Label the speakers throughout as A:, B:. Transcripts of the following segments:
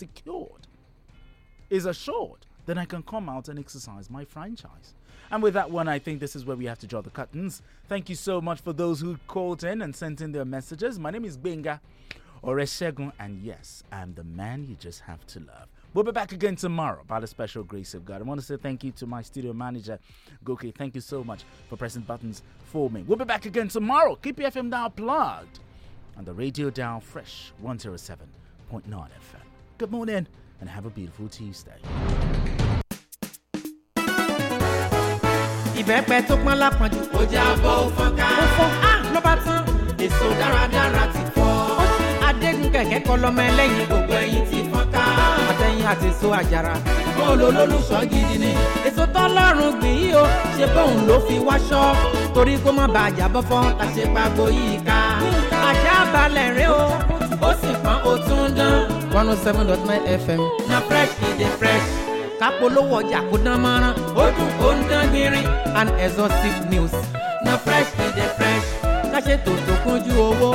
A: secured, is assured, then I can come out and exercise my franchise. And with that one, I think this is where we have to draw the curtains. Thank you so much for those who called in and sent in their messages. My name is Benga Oreshegun, and yes, I'm the man you just have to love. We'll be back again tomorrow by the special grace of God. I want to say thank you to my studio manager, Goki. Thank you so much for pressing buttons for me. We'll be back again tomorrow. Keep your FM dial plugged and the radio dial fresh 107.9 FM. Good morning and have a beautiful Tuesday.
B: ìbẹ́pẹ tó pọ́n lápọ̀jù. ó já bọ́ ó ká. ó á ló bá tán. èso dáradára ti fọ́. ó ti adégun kẹ̀kẹ́ kọ lọ́mọ ẹlẹ́yin. gbogbo ẹyin ti fọ́n ká. àtẹ̀yìn àti èso àjàrà. bọ́ọ̀lù olólùṣọ́ gidi ni. èso tọ́lọ́run gbìn yìí o ṣe bóun ló fi wáṣọ. torí kó má bàa jà bọ́fọ́ la yìí ká. àṣà balẹ̀ rẹ o ó sì pọ́n ó tún dán. one oh seven dot nine fm. na fresh e dey fresh. kápolówó ọjà kó dán mọ́rán. ó dùn ó ń dán gbinrin. an exhaustive news. na fresh e dey fresh. káṣe tòótọ́ kúnjú owó.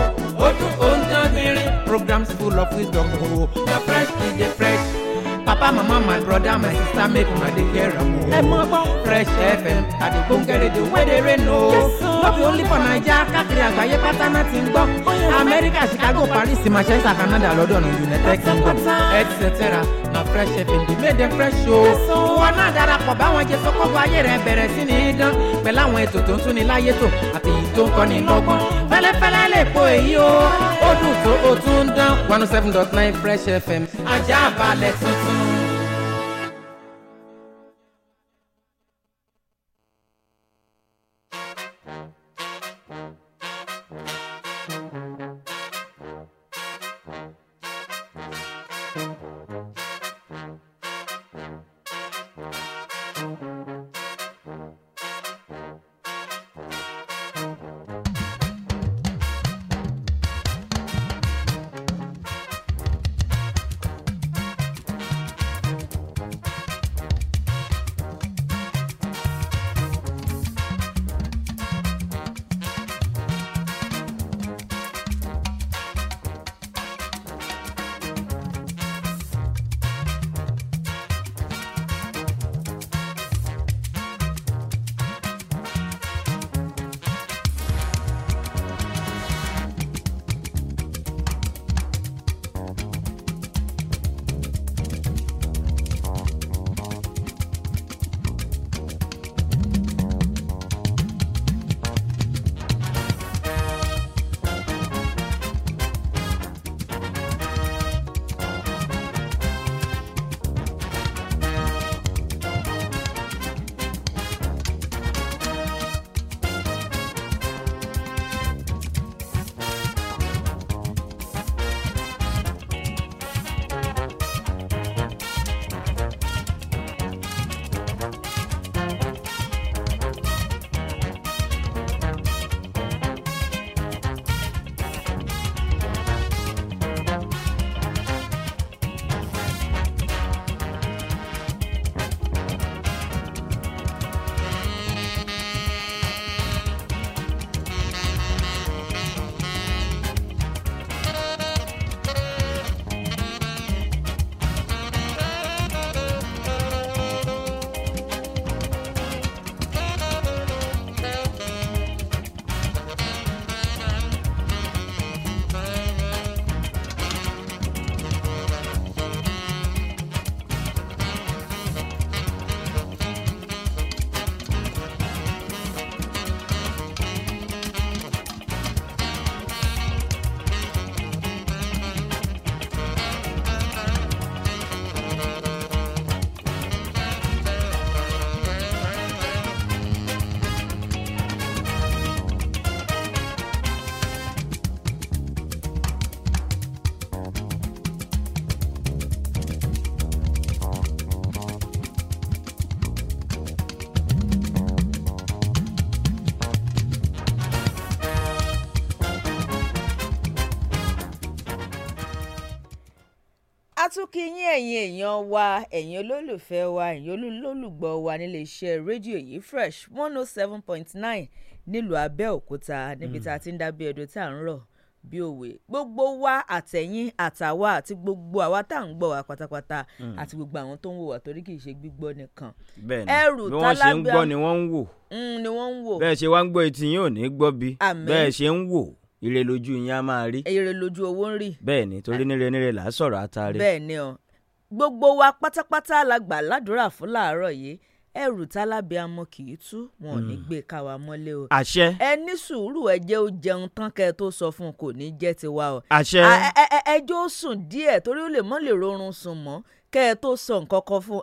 B: ó dùn ó ń dán gbinrin. programs full of wisdom o. na fresh e dey fresh. Papa, mama, my brother, my sister, make una dey hear am o. Ẹ mọ́ gbọ́ Fresh FM, àdìgbò ń kẹ́rẹ́dẹ̀ wẹ́dẹ̀rẹ́ nù. Yes, sir hip only for naija káàkiri àgbáyé pátá ti ń gbọ́ amẹ́ríkà chicago paris manchester canada london united kingdom etc na fresh fm di made fresh o. wọn náà darapọ̀ báwọn jẹ sọ́kọ́gbọ́ ayé rẹ̀ bẹ̀rẹ̀ sí ní dán pẹ̀lú àwọn ètò tó ń tún ni láyé tò àti èyí tó ń kọ́ ni lọ́gbọ́n fẹ́lẹ́fẹ́lẹ́ lè po èyí o ó dùn tó o tún dán one oh seven dot nine fresh fm ajá balẹ̀ tuntun.
C: tún kí yín ẹ̀yin èèyàn wa ẹ̀yin olólùfẹ́ wa ẹ̀yin olólùgbọ́ wa nílé iṣẹ́ rédíò yìí fresh one oh seven point nine nílùú Abẹ́òkúta níbi hmm. tá a ti ń dá bí ẹdọ tá à ń rọ̀ bí òwe gbogbo wa àtẹ̀yìn àtàwa àti gbogbo àwa tá à ń gbọ́ wa pátápátá hmm. àti gbogbo àwọn tó ń wò wá torí kì í ṣe gbígbọ́ nìkan.
D: bẹ́ẹ̀ni bí wọn ṣe ń gbọ́ ni wọn ń wò. Hmm, ni ṣe wá ń gbọ́ etí yín ò ní gbọ́ bí. àmín ṣe ń wò ire lójú yín á máa rí. ire lójú owó ń rí. bẹ́ẹ̀ni torí níre níre là á sọ̀rọ̀ àtàrí.
C: bẹ́ẹ̀ni o gbogbo wa pátápátá la gbà ládùúrà fún làárọ̀ yìí ẹrù tálábẹ amọ kì í tú wọn ò ní hmm. gbé káwa mọ́lé o. àṣẹ. ẹ ní sùúrù ẹ jẹ́ ó jẹun tán kẹ́ ẹ tó sọ fún un kò ní jẹ́ tiwa o. àṣẹ. ẹjọ́ ó sùn díẹ̀ torí ó lè mọ́ lè rọrùn sùn mọ́ kẹ́ ẹ tó sọ nǹkan kan fún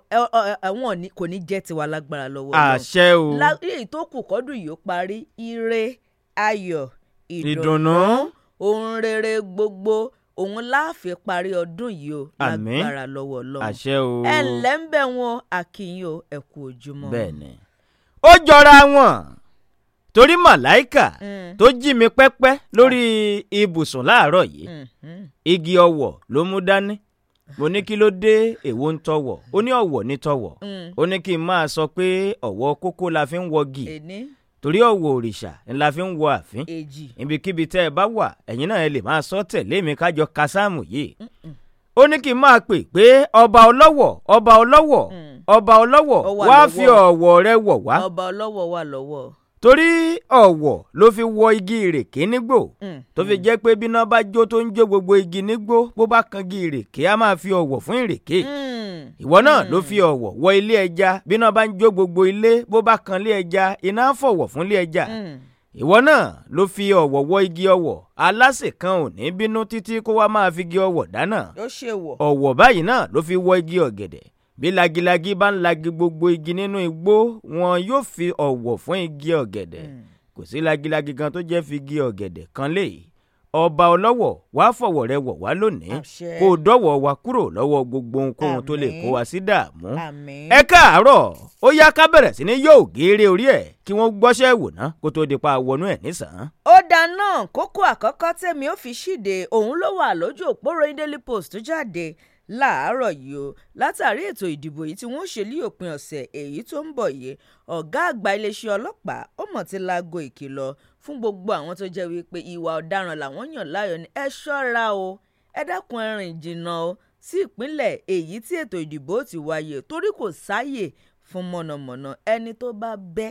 C: ẹ̀wọ̀n kò ní jẹ́ tiwa lágbára lọ́wọ́. àṣẹ o. èyí tó kù kọ́dún yìí ó parí ire ayọ̀ ìdùnnú ohun rere gbogbo òun láàfin parí ọdún yìí o lágbára lọ́wọ́ ọlọ́run àṣẹ
D: o ẹ ǹlẹ́
C: ń bẹ̀ wọn àkìyìn o ẹ kú ojúmọ́. bẹ́ẹ̀ni
D: ó jọra wọn torí màláìkà hmm. tó jí mi pẹ́pẹ́ lórí ah. ibùsùn láàárọ̀ yìí hmm, hmm. igi ọwọ̀ ló mú dání mo ní kí ló dé èwo ń tọwọ̀ ó ní ọ̀wọ̀ ní tọwọ̀ ó ní kí n máa sọ pé ọ̀wọ̀ kókó la fi ń wọgi. E torí ọ̀wọ̀ òrìṣà ńlá fi ń wọ àfin ibikíbi tẹ́ ẹ bá wà ẹ̀yin náà ẹ lè máa sọ tẹ̀lé mi kájọ kásámù yìí ó ní kí n máa pè pé ọba ọlọ́wọ̀ ọba ọlọ́wọ̀ mm. ọba ọlọ́wọ̀ wá fi ọ̀wọ̀ rẹ wọ̀ wá ọba
C: ọlọ́wọ̀ wà lọ́wọ́
D: torí ọ̀wọ̀ ló fi wọ igi ìrèké nígbò mm, tó fi mm. jẹ́ pé bíná bá jó tó ń jó gbogbo igi nígbò bó bá kan igi ìrèké a máa fi ọ̀wọ̀ fún ìrèké. Mm ìwọ náà ló hmm. fi ọ̀wọ̀ wọ ilé ẹja bíná bá ń jó gbogbo ilé bó bá kan ilé ẹja iná ń fọ̀wọ̀ fún ilé ẹja hmm. ìwọ náà ló fi ọ̀wọ̀ wọ igi ọ̀wọ̀ aláṣẹ kan ò ní bínú títí kó wá máa fi igi ọ̀wọ̀ dáná ọ̀wọ̀ báyìí náà ló fi wọ igi ọ̀gẹ̀dẹ̀ bí lagilagi bá ń lagi gbogbo igi nínú igbó wọn yóò fi ọ̀wọ̀ fún igi ọ̀gẹ̀dẹ̀ hmm. kò sí lagilagi kan tó jẹ́ fi igi ọ̀gẹ̀dẹ̀ kan léyìí ọba ọlọ́wọ̀ wàá fọ̀wọ̀ rẹ wọ̀ wá lónìí kó o dọ́wọ̀ wa kúrò lọ́wọ́ gbogbo ohunkóhun tó lè kó wa sí dààmú. ẹ káàárọ̀ ó yá ká bẹ̀rẹ̀ sí ní yóò géèrè orí ẹ̀ kí wọ́n gbọ́ṣẹ́ wò ná kó tó di pa wọnú ẹ̀ nísàn.
C: ó dáná kókó àkọ́kọ́ tèmi ó fi ṣíde òun ló wà lójú òpó royin daily post tó jáde láàárọ̀ yìí o látàrí ètò ìdìbò yìí tí wọ́n ṣe ní òpin ọ̀sẹ̀ èyí tó ń bọ̀ yìí ọ̀gá àgbà iléeṣẹ́ ọlọ́pàá ó mọ̀ ti laago ìkìlọ̀ fún gbogbo àwọn tó jẹ́ wípé ìwà ọ̀daràn làwọn yàn láàyò ni ẹ ṣọ́ra o ẹ dákun ẹ jìnnà o sí ìpínlẹ̀ èyí tí ètò ìdìbò ti wáyé torí kò sáàyè fún mọ̀nàmọ́ná ẹni tó bá bẹ́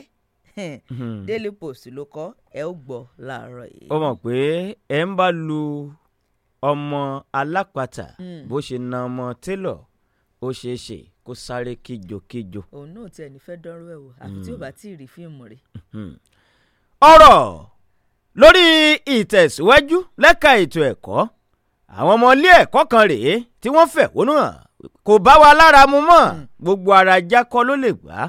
D: hmm.
C: Daily Post ló kọ ẹ ó gbọ́ láàárọ̀ yìí. ó mọ̀
D: pé ẹ ń bá lu ọmọ alápàtà hmm. bó ṣe na ọmọ télọ̀ ó ṣeé ṣe kó sáré kíjokíjo. òun
C: náà tiẹ̀ ní fẹ́ dánrọ́ ẹ̀ wò àfi tí ò hmm. bá tí ì rí fíìmù rẹ̀
D: ọ̀rọ̀ lórí ìtẹ̀síwájú lẹ́ka ètò ẹ̀kọ́ àwọn ọmọ ilé ẹ̀kọ́ kan rèé tí wọ́n fẹ̀hónú hàn kò bá wa lára mu mọ́ hmm. gbogbo ara jákọ́ ló lè gbà á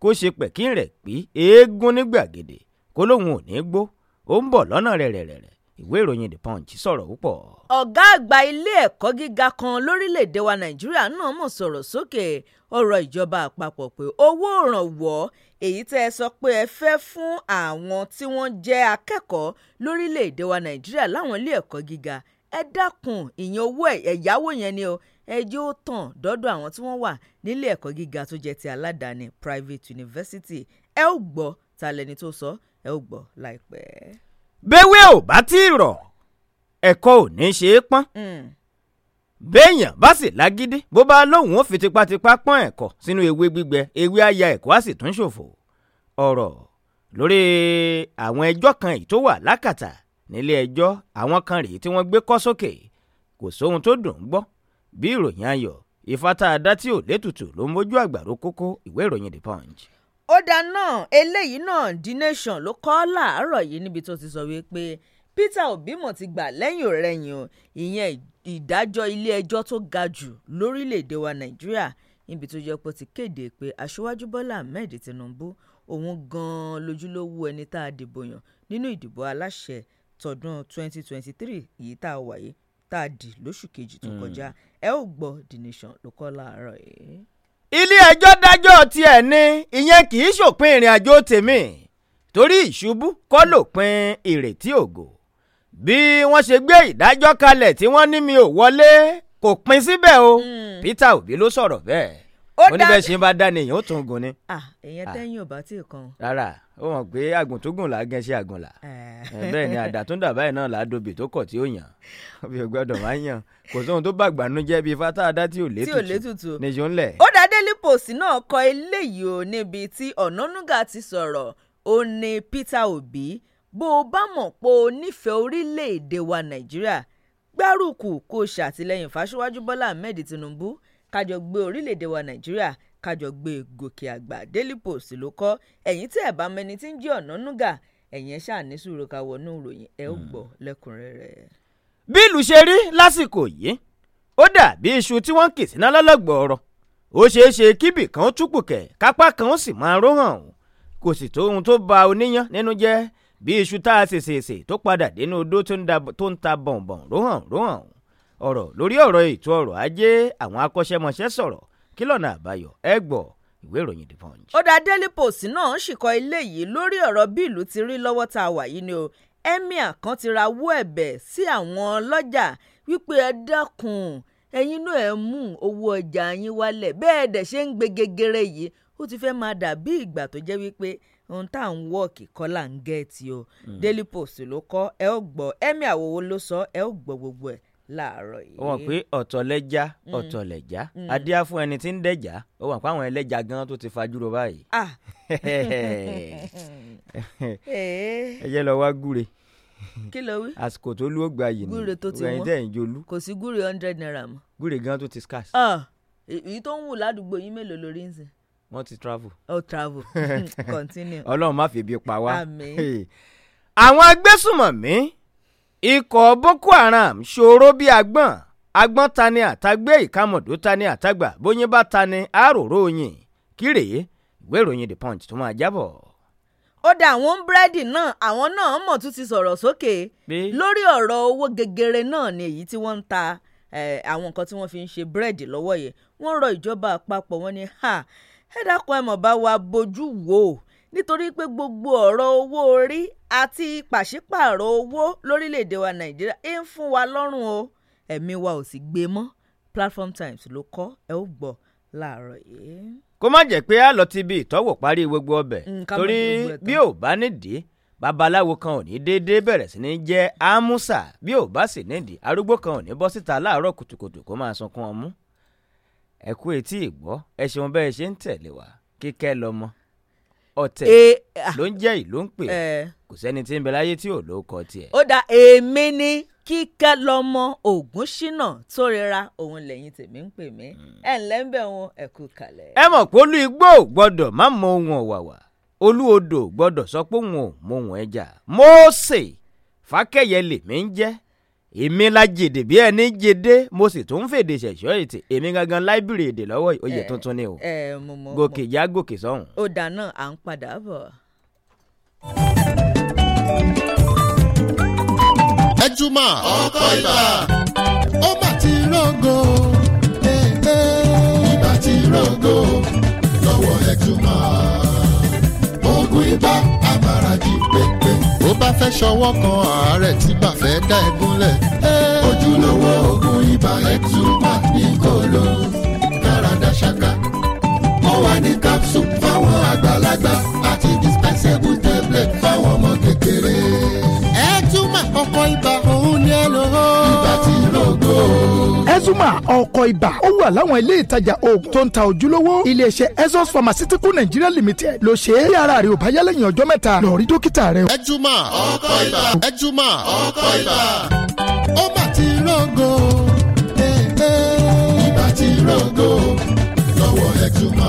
D: kó ṣe pẹ̀kín rẹ̀ pí eégún ní gbàgede kó lóun ò ní gbó ó ń bọ̀ lọ́nà rẹ̀ rẹ̀ rẹ̀ ìwé ìròyìn the punch sọ̀rọ̀ púpọ̀.
C: ọ̀gá àgbà ilé ẹ̀kọ́ gíga kan lórílẹ̀‐èdè wa nàìjíríà náà mọ̀ sọ̀rọ̀ sókè ọ̀rọ̀ ìjọba àpapọ̀ pé owó òrànwọ́ èyí tẹ́ ẹ sọ pé ẹ fẹ́ fún àwọn tí wọ́n jẹ́ akẹ́kọ̀ọ́ lórílẹ̀‐èdè wa nàìjíríà láwọn ilé ẹ̀kọ́ gíga ẹ dákun ìyẹn owó ẹ̀yáwó yẹn ni o ẹ jẹ́ ó tàn dọ́dọ̀ àwọn tí wọ́n wà nílé ẹ̀kọ́ gíga tó jẹ́ ti aládàáni private university ẹ ó gbọ́ ta lẹni tó sọ ẹ ó gbọ́ láìpẹ́
D: béwé ò bá tí ì rọ̀ ẹ̀kọ́ ò ní ṣe é pọ́n hmm. béèyàn bá sì lágídí bó bá lóun ó fi tipátipá pọ́n ẹ̀kọ́ sínú ewé gbígbẹ ewé àyà ẹ̀kọ́ á sì tún ṣòfò ọ̀rọ̀ lórí àwọn ẹjọ́ kan èyí tó wà lákàtà nílé ẹjọ́ àwọn kan rèé tí wọ́n gbé kọ́ sókè kò sóhun tó dùn ún gbọ́ bí ìròyìn ayọ̀ ìfátà adá tí ò létùtù ló ń mójú àgbàro kókó ìwé ìròyìn The Punch
C: ó dáná eléyìí náà the nation ló kọ ọ́ yìí níbi tó ti sọ wípé Peter Obi mọ̀ ti gbà lẹ́yìn-ọ̀-rẹyìn o ìyẹn ìdájọ́ ilé-ẹjọ́ tó ga jù lórílẹ̀‐èdè wa Nàìjíríà níbi tó jẹ́ pé ó ti kéde pé aṣíwájú Bọ́lá Ahmed Tinubu òun gan-an lójúlówó ẹni tá a dìbò yàn nínú ìdìbò aláṣẹ tọdún 2023 yìí tá a wáyé tá a dì lóṣù kejì tó hmm. kọjá ẹ ó gbọ́ the nation ló kọ láàárọ̀
D: yìí ilé-ẹjọ́ dájọ́ tiẹ̀ ni ìyẹn kì í ṣòpin ìrìn àjò tèmi torí ìṣubú kọ́ lòpin ìrètí ògo bí wọ́n ṣe gbé ìdájọ́ kalẹ̀ tí wọ́n ní mi ò wọlé kò pin síbẹ̀ o hmm. Peter Obi ló sọ̀rọ̀ bẹ́ẹ̀ ó dá oníbẹ̀ ṣe bá dá ni èèyàn tún gùn ni.
C: èèyàn tẹ́yìn ò bá tí ì kan.
D: rárá ó mọ̀ pé àgùn là á gẹ́ ṣe àgùn là bẹ́ẹ̀ ni àdàtúndà báyìí náà là á dobì tó kọ̀ tí ó yàn bí o gbọ́dọ̀ máa yàn kò sóhun tó bàgbà nu jẹ́ bíi fata adá tí ò létùtù níjó ńlẹ̀.
C: ó dá Daily Post náà kọ eléyìí o níbi tí Ọ̀nànúgà ti sọ̀rọ̀ ó ní Peter Obi bó o bá mọ̀ pé o nífẹ̀ẹ́ orílẹ̀-èdè wa Nàìjíríà gbárùkù kó o ṣàtìlẹ́yìn fáṣíwájú Bọ́lá Ahmed Tinubu kájọ gbé orílẹ̀-èdè wa nàìjíríà kájọ gbé gòkè àgbà daily post ló kọ́ ẹ̀yìn tí ẹ̀ bá mẹni tí ń jí ọ̀nà núgà ẹ̀yìn ẹ̀ ṣáà ní sùúrù ká wọnú ìròyìn ẹ̀ ó hmm. gbọ́ lẹ́kùnrẹ́rẹ́.
D: bí ìlú ṣe rí lásìkò yìí ó dàbí iṣu tí wọ́n ń kì síná lọ́lọ́gbọ̀ ọ̀rọ̀ ó ṣeé ṣe kíbì kan ó túpùkẹ̀ kápá kan ó sì máa ró hàn kò sì tó ohun tó ba oníyàn nínú jẹ́ bí iṣu tá a ṣèṣèṣe tó padà dénú odó tó ń ta bọ̀ǹbọ̀ǹ ró hàn ró ọ̀rọ̀ lórí ọ̀rọ̀ ètò ọ̀rọ̀ ajé àwọn akọ́ṣẹ́mọṣẹ́ sọ̀rọ̀ kí lọ́nà àbáyọ ẹ gbọ́ ìwé ìròyìn the punch.
C: ó dá daily post náà ṣìkọ ilé yìí lórí ọ̀rọ̀ bí ìlú ti rí lọ́wọ́ tá a wà yìí ni o emir kan ti rawọ́ ẹ̀bẹ̀ sí àwọn ọlọ́jà wípé ẹ dákun ẹ̀yin náà ẹ mú owó ọjà yín wálẹ̀ bẹ́ẹ̀ dẹ̀ ṣe ń gbé gegere yìí ó ti fẹ́ máa dà bí ìgbà tó jẹ́ wípé ohun tá à ń wọ́ọ̀kì kọ́ là ń gẹ̀ẹ́tì o hmm. daily post ló kọ́ ẹ ó gbọ́ emir àwòwò ló sọ ẹ ó gbọ́ gbogbo ẹ̀ láàárọ̀ yìí. ó wọ̀n pé
D: ọ̀tọ̀ lẹ́jà mm. ọ̀tọ̀ lẹ́jà mm. adíá fún ẹni tí ń dẹ̀jà ó wọ̀n pé àwọn ẹlẹ́jà gan tó ti fajúro báyìí. Ah. Eh. ẹ jẹ́ lọ wá gúre kí ló wí. àsìkò tó lú ògbà yìí ni gúre tó ti wọ́n ẹ̀yìn jolú.
C: kò sí gúre hundred naira mọ́.
D: gúre gan tó ti scarce. Ah.
C: èyí tó ń wù ládùúgbò yín mélòó lórí ń sìn.
D: wọ́n ti travel. oh travel continue. ọlọ́run má fi ibi pa wá. àmín. àwọn agbésùmọ̀mí ikọ̀ boko haram ṣòro bí agbọ́n agbọ́n ta ni àtagbé ìkámọ̀dó ta ni àtagbà bóyin bá ta ni àròró oyin kíre ìwé ìròyìn the punch tó máa jábọ̀.
C: ó da àwọn búrẹ́dì náà àwọn náà mọ̀ tún ti sọ̀rọ̀ sókè lórí ọ̀rọ̀ owó gegere náà ni èyí tí wọ́n ń ta àwọn nǹkan tí wọ́n fi ń ṣe búrẹ́dì lọ́wọ́ yẹn wọ́n rọ ìjọba àpapọ̀ wọn ni ẹ dákun ẹ mọ̀ bá wa bójú wò ó nítorí pé gbogbo ọ̀rọ̀ owó orí àti pàṣípààrọ̀ owó lórílẹ̀‐èdè wa nàìjíríà ẹ̀ ń fún wa lọ́rùn o ẹ̀mí wa ò sì gbé mọ́ Platform Times ló kọ́ ẹ ó gbọ́ láàárọ̀ yìí.
D: kó má jẹ́ pé a lọ ti bi ìtọ́wò parí gbogbo ọbẹ̀ mm, torí bí ò bá nídìí babaláwo kan ò ní déédéé bẹ̀rẹ̀ sí ní jẹ́ ámúsà bí ò bá sì nídìí arúgbó kan ò ní bọ́ síta láàárọ̀ kùtùkùtù kó máa sunkún ọmú ẹ etí ìgbọ́ ẹ ṣeun bẹ́ẹ̀ ṣe ń tẹ̀lé wa kíkẹ́ lọ́mọ ọ̀tẹ̀ e, ah. ló ń jẹ́ ìlú ń pè eh. kò sẹ́ni tí ń bẹ láyé tí ò ló kọ tiẹ̀.
C: ó dà èmi ni kíkẹ́ lọ́mọ ògúnṣínà tó rira òun lẹ́yìn tèmi ń pè mí hmm. ẹ̀ ń lẹ́ńbẹ̀ wọn ẹ̀ kú kalẹ̀.
D: ẹ mọ̀ pé olú igbó gbọ́dọ̀ má mọ ohun ọ̀wàwà olú odò gbọ́dọ̀ sọ pé òun ò mọ ohun ẹja mọ́ọ̀sẹ̀ fàkẹ́yẹ lèmi ń jẹ́ èmi la jèdè bí ẹni jèdè mo sì tún ń fèdè ṣẹ̀ṣọ́ ètè èmi gangan láìbìrì èdè lọ́wọ́ yìí oyè eh, tuntun ni o
C: eh, gòkè
D: já gòkè sọ́hùn.
C: ó dáná à ń padà bọ̀.
E: ẹ jùmọ̀ ọkọ ibà ó mà ti rògo eh, ibà ti rògo lọ́wọ́ ẹ jùmọ̀ oògùn ibà àbàràdì pé bá fẹ́ ṣọwọ́ kan àárẹ̀ tí bá fẹ́ dá ẹ gúnlẹ̀. Eh. ojúlówó oògùn ibà exuma ní kòló kárádá ṣáká ó wà ní capsule fáwọn àgbàlagbà àti dispensable tablet fáwọn ọmọ kékeré. exuma ọkọ̀ ibà òun ni ẹ lò ó. ibà tí lóògùn
F: Ezuma ọkọ̀ ibà ó wà láwọn ilé
G: ìtajà oògùn tó ń ta ojúlówó iléeṣẹ́ Ezos Pharmaceutical Nigeria Limited ló ṣe é bí ara rẹ̀ ò bá yá lẹ́yìn ọjọ́ mẹ́ta lọ rí dókítà rẹ̀.
E: Ezuma ọkọ̀ ibà Ezuma ọkọ̀ ibà ó bá ti rọ́gọ̀ ibà eh, eh. ti rọ́gọ̀ lọ́wọ́ Ezuma.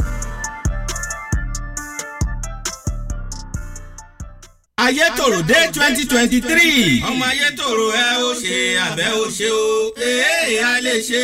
G: ayétòrò dé twenty twenty three. ọmọ ayétòrò ẹ ó ṣe àbẹ̀ ó ṣe o èèyàn lè ṣe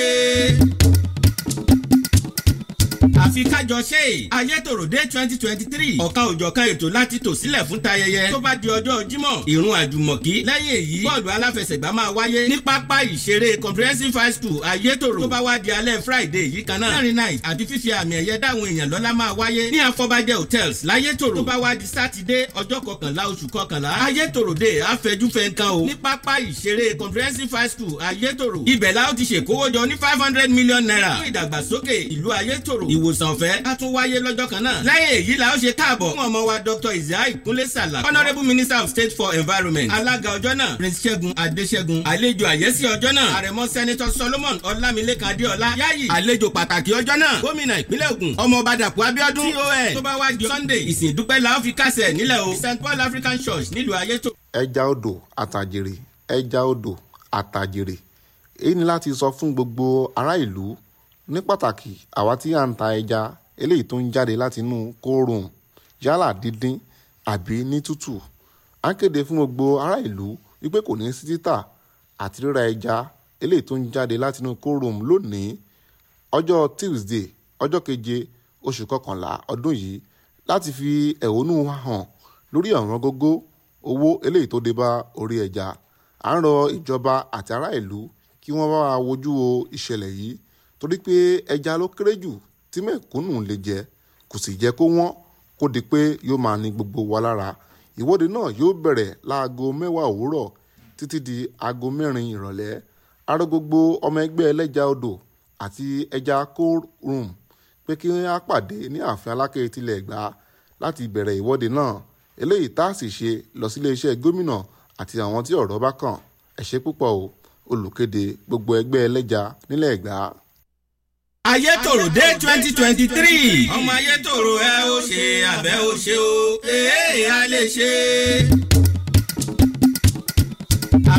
G: fi kájọ ṣe é ayétòròdé twenty twenty three ọ̀ka òjọ̀kan ètò láti tò sílẹ̀ fún tayẹyẹ tó bá di ọjọ́ jímọ̀ ìrun àjùmọ̀kí lẹ́yìn èyí bọ́ọ̀lù aláfẹsẹ̀gbá máa wáyé ní pápá ìṣeré comprehensive high school ayétòrò tó bá wá di alẹ́ friday yìí kan náà lẹ́rìn náà àti fífi àmì ẹ̀yẹ dáhùn èèyàn lọ́lá máa wáyé ní afọbajẹ hotels láyétòrò tó bá wá di sátidé ọjọ́ kọkànlá oṣù kọkànlá ayétòrò dé àfẹjúfẹ́ nǹkan o ní pápá ìṣeré comprehensive high school ayétòrò ibẹ̀ la ó ti ṣèkówójọ ní five hundred million naira fún ìdàgbàsókè ìlú ayétòrò ìwòsàn àìsàn ọ̀fẹ́ á tún wáyé lọ́jọ́ kan náà. láyé èyí la ó ṣe káàbọ̀ fún ọmọ wa Dr. Isaiah Kúnlé Sàlà honourable minister of state for environment alága ọjọ́ náà prince Ṣẹ́gun Adéṣẹ́gun àlejò àyẹ́sí ọjọ́ náà àrẹ̀mọ senator Solomon Ọlámilékan Adéọlá yáyì àlejò pàtàkì ọjọ́ náà gómìnà ìpínlẹ̀ Ògùn ọmọọba Dàpọ̀ Abíọ́dún TOS tó bá wá Sunday ìsìn ìdúpẹ́ la ó fi kásẹ̀ nílẹ̀ Paul African Church nílùú Ayétò.
E: ẹja odò àtàjèrè ẹja odò àtàjèrè èyí ni ní pàtàkì àwa tí à ń ta ẹja eléyìí tó ń jáde láti inú kóòrùn yálà dídín àbí ní tútù à ń kéde fún gbogbo ará ìlú wípé kò ní sí títà àti rírà ẹja eléyìí tó ń jáde láti inú kóòrùn lónìí ọjọ́ Tuesday ọjọ́ keje oṣù kọkànlá ọdún yìí láti fi ẹ̀hónú hàn lórí ọ̀ràn gógó owó eléyìí tó dé bá orí ẹja à ń rọ ìjọba àti ará ìlú kí wọ́n bá wa wojú wo ìṣẹ̀lẹ̀ yìí torí pé ẹja ló kéré jù tí mẹ̀kúnnù lè jẹ kò sì jẹ́ kó wọ́n kó di pé yóò máa ní gbogbo wa lára ìwọ́de náà yóò bẹ̀rẹ̀ láago mẹ́wàá òwúrọ̀ títí di aago mẹ́rin ìrọ̀lẹ́ arọ gbogbo ọmọ ẹgbẹ́ ẹlẹ́ja odò àti ẹja kóòrùn pé kí wọ́n á pàdé ní ààfin aláké tilẹ̀ gbà láti bẹ̀rẹ̀ ìwọ́de náà eléyìí tá a sì ṣe lọ sí iléeṣẹ́ gómìnà àti àwọn tí ọ̀rọ̀ bá kàn ẹ púpọ̀ o olùkéde gbogbo ẹgbẹ́ ẹlẹ́ja nílẹ̀ Ẹ̀gbá ayétòrò dé
G: twenty twenty three. ọmọ ayétòrò ẹ ó ṣe àbẹ̀ ó ṣe o èèyàn lè ṣe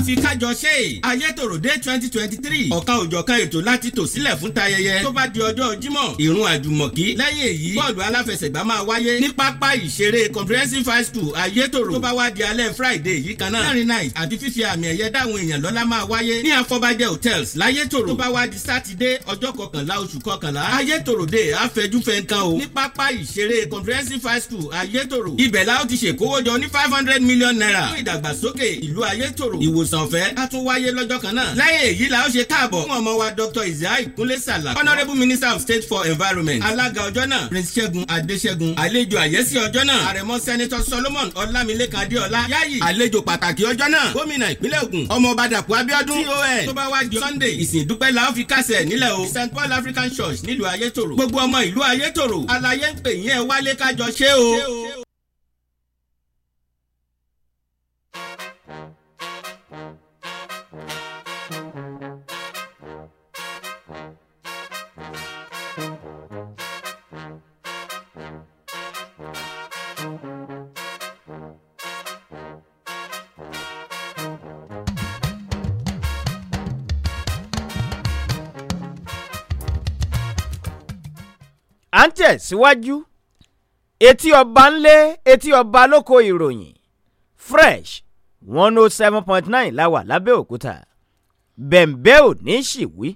G: fi kájọ ṣe é ayétòròdé twenty twenty three ọ̀ka òjọ̀kan ètò láti tò sílẹ̀ fún tayẹyẹ tó bá di ọjọ́ jímọ̀ ìrun àjùmọ̀kí lẹ́yìn èyí bọ́ọ̀lù aláfẹsẹ̀gbá máa wáyé ní pápá ìṣeré comprehensive high school ayétòrò tó bá wá di alẹ́ friday yìí kan náà lẹ́rìn náà àti fífi àmì ẹ̀yẹ dáhùn èèyàn lọ́lá máa wáyé ní afọbajẹ hotels láyétòrò tó bá wá di sátidé ọjọ́ kọkànlá oṣù kọkànlá ayétòròdé àfẹjúfẹ́ nǹkan o ní pápá ìṣeré comprehensive high school ayétòrò ibẹ̀ la ó ti ṣèkówójọ ní five hundred million naira fún ìdàgbàsókè ìlú ayétòrò ìwòsàn ìwòsàn ọ̀fẹ́ á tún wáyé lọ́jọ́ kan náà. láyé èyí la ó ṣe káàbọ̀ fún ọmọ wa Dr. Isaiah Kúnlé Sàlà honourable minister of state for environment alága ọjọ́ náà Prince Ṣẹ́gun Adéṣẹ́gun àlejò àyẹ́sí ọjọ́ náà àrẹ̀mọ senator Solomon Ọlámilékan Adéọlá yáyì àlejò pàtàkì ọjọ́ náà gómìnà ìpínlẹ̀ Ògùn ọmọọba Dàpọ̀ Abíọ́dún TON tó bá wá Sunday ìsìn ìdúpẹ́ la ó fi kásẹ̀ o St African Church nílùú Ayétòrò gbogbo ọmọ ìlú Ayétòrò alaye ń pè yín ẹ wálé kájọ ṣe o.
D: à ń tẹ̀síwájú etí ọba ńlé etí ọba lóko ìròyìn fresh one oh seven point nine la wà lábẹ́òkúta bẹ̀m̀bẹ́ ò ní ṣìwí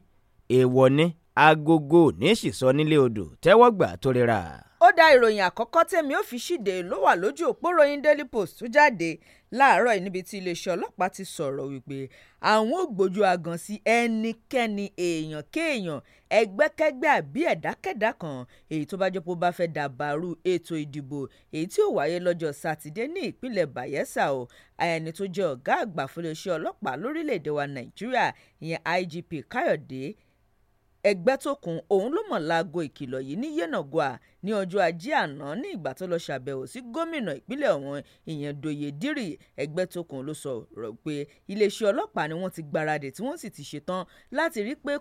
D: èèwọ̀ ni agogo ò ní ṣìsọ nílé odò tẹ́wọ́ gbà tó rira
C: ó da ìròyìn àkọ́kọ́ tẹ̀mí ó fi ṣíde ló wà lójú òpó ròyìn daily post tó jáde láàárọ̀ yìí níbi tí iléeṣẹ́ ọlọ́pàá ti sọ̀rọ̀ wípé àwọn ò gbójú agan sí ẹnikẹ́ni èèyàn kéèyàn ẹgbẹ́kẹ́gbẹ́ àbí ẹ̀dákẹ́dá kan èyí tó bá jẹ́ pé ó bá fẹ́ dàbàrú ètò ìdìbò èyí tí ó wáyé lọ́jọ́ sátidé ní ìpínlẹ̀ bayelsa o ẹni tó jẹ́ ọ̀gá àgbà fún iléeṣẹ́ ọlọ́pàá lórílẹ̀‐èdè wa nàìjíríà ìyẹn igp káyọ̀dé ẹgbẹ́tókun òun ló mọ̀ láago ìkìlọ̀ yìí ní yànnàgọ́à ní ọjọ́ ajé àná ní ìgbà tó lọ ṣàbẹ̀wò sí gómìnà ìpínlẹ̀ ọ̀hún ìyẹn dòye dírì ẹgbẹ́tókun ló sọ rọ̀ pé iléeṣẹ́ ọlọ́pàá ni wọ́n ti gbáradì tí wọ́n sì ti ṣetán láti rí pé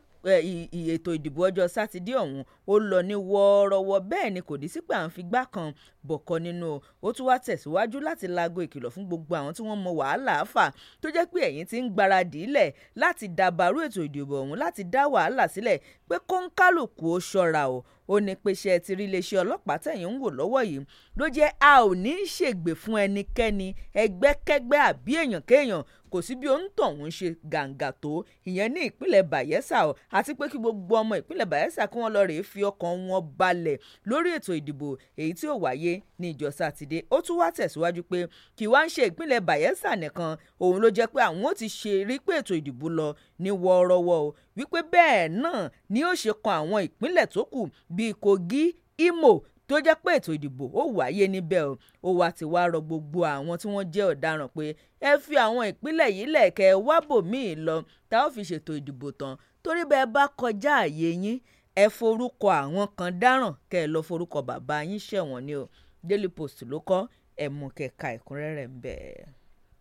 C: ètò ìdìbò ọjọ́ sátidé ọ̀hún ó lọ ní wọ́ọ́rọ́wọ́ bẹ́ẹ̀ ni kò ní sí pé à ń fi gbá kan bọ̀kọ́ nínú o ó tún wá tẹ̀síwájú láti laago ìkìlọ̀ fún gbogbo àwọn tí wọ́n mọ wàhálà fà tó jẹ́ pé ẹ̀yìn ti ń gbaradì ilẹ̀ láti dàbàrú ètò ìdìbò ọ̀hún láti dá wàhálà sílẹ̀ pé kóńkálùkù ó ṣọ́ra o ó ní pèsè ti rí iléeṣẹ́ ọlọ́pàá tẹ̀yìn ń wò lọ́wọ́ yìí ló jẹ́ a ò ní í ṣègbè fún ẹnikẹ́ni ẹgbẹ́kẹ́gbẹ́ àbí èèyàn kéèyàn kò sí bí onítọ̀hún ṣe gàǹgà tó ìyẹn ní ìpínlẹ̀ Bayelsa o àti pé kí gbogbo ọmọ ìpínlẹ̀ Bayelsa kí wọ́n lọ rèé fi ọkàn wọn balẹ̀ lórí ètò ìdìbò èyí tí ó wáyé ní ìjọ sátidé ó tún wá tẹ̀síwájú pé kì wá ń ṣe ìpínlẹ̀ Bayelsa nìkan òun ló jẹ́ pé àwọn ó ti ṣe rí pé ètò ìdìbò lọ ní wọ́ọ́rọ́wọ́ o wípé bẹ́ẹ̀ náà ni ó ṣe kan àwọn ìpínlẹ̀ tó kù bíi Kogi Imo tó jẹ́ pé ètò ìdìbò ó wáyé níbẹ̀ o ó wá ti wá rọ gbogbo àwọn tí wọ́n jẹ́ ọ̀daràn pé ẹ fi àwọn ìpínlẹ̀ yìí lẹ̀kẹ́ wábòmíì lọ tá ó fi ṣètò ìdìbò tán torí bẹ́ẹ̀ bá kọjá àyè yín ẹ forúkọ àwọn kan dáràn kẹ́ ẹ lọ forúkọ bàbá yín ṣẹ̀wọ̀n ni o Daily Post ló kọ ẹ mú ẹ̀kúnrẹ́rẹ́ ń bẹ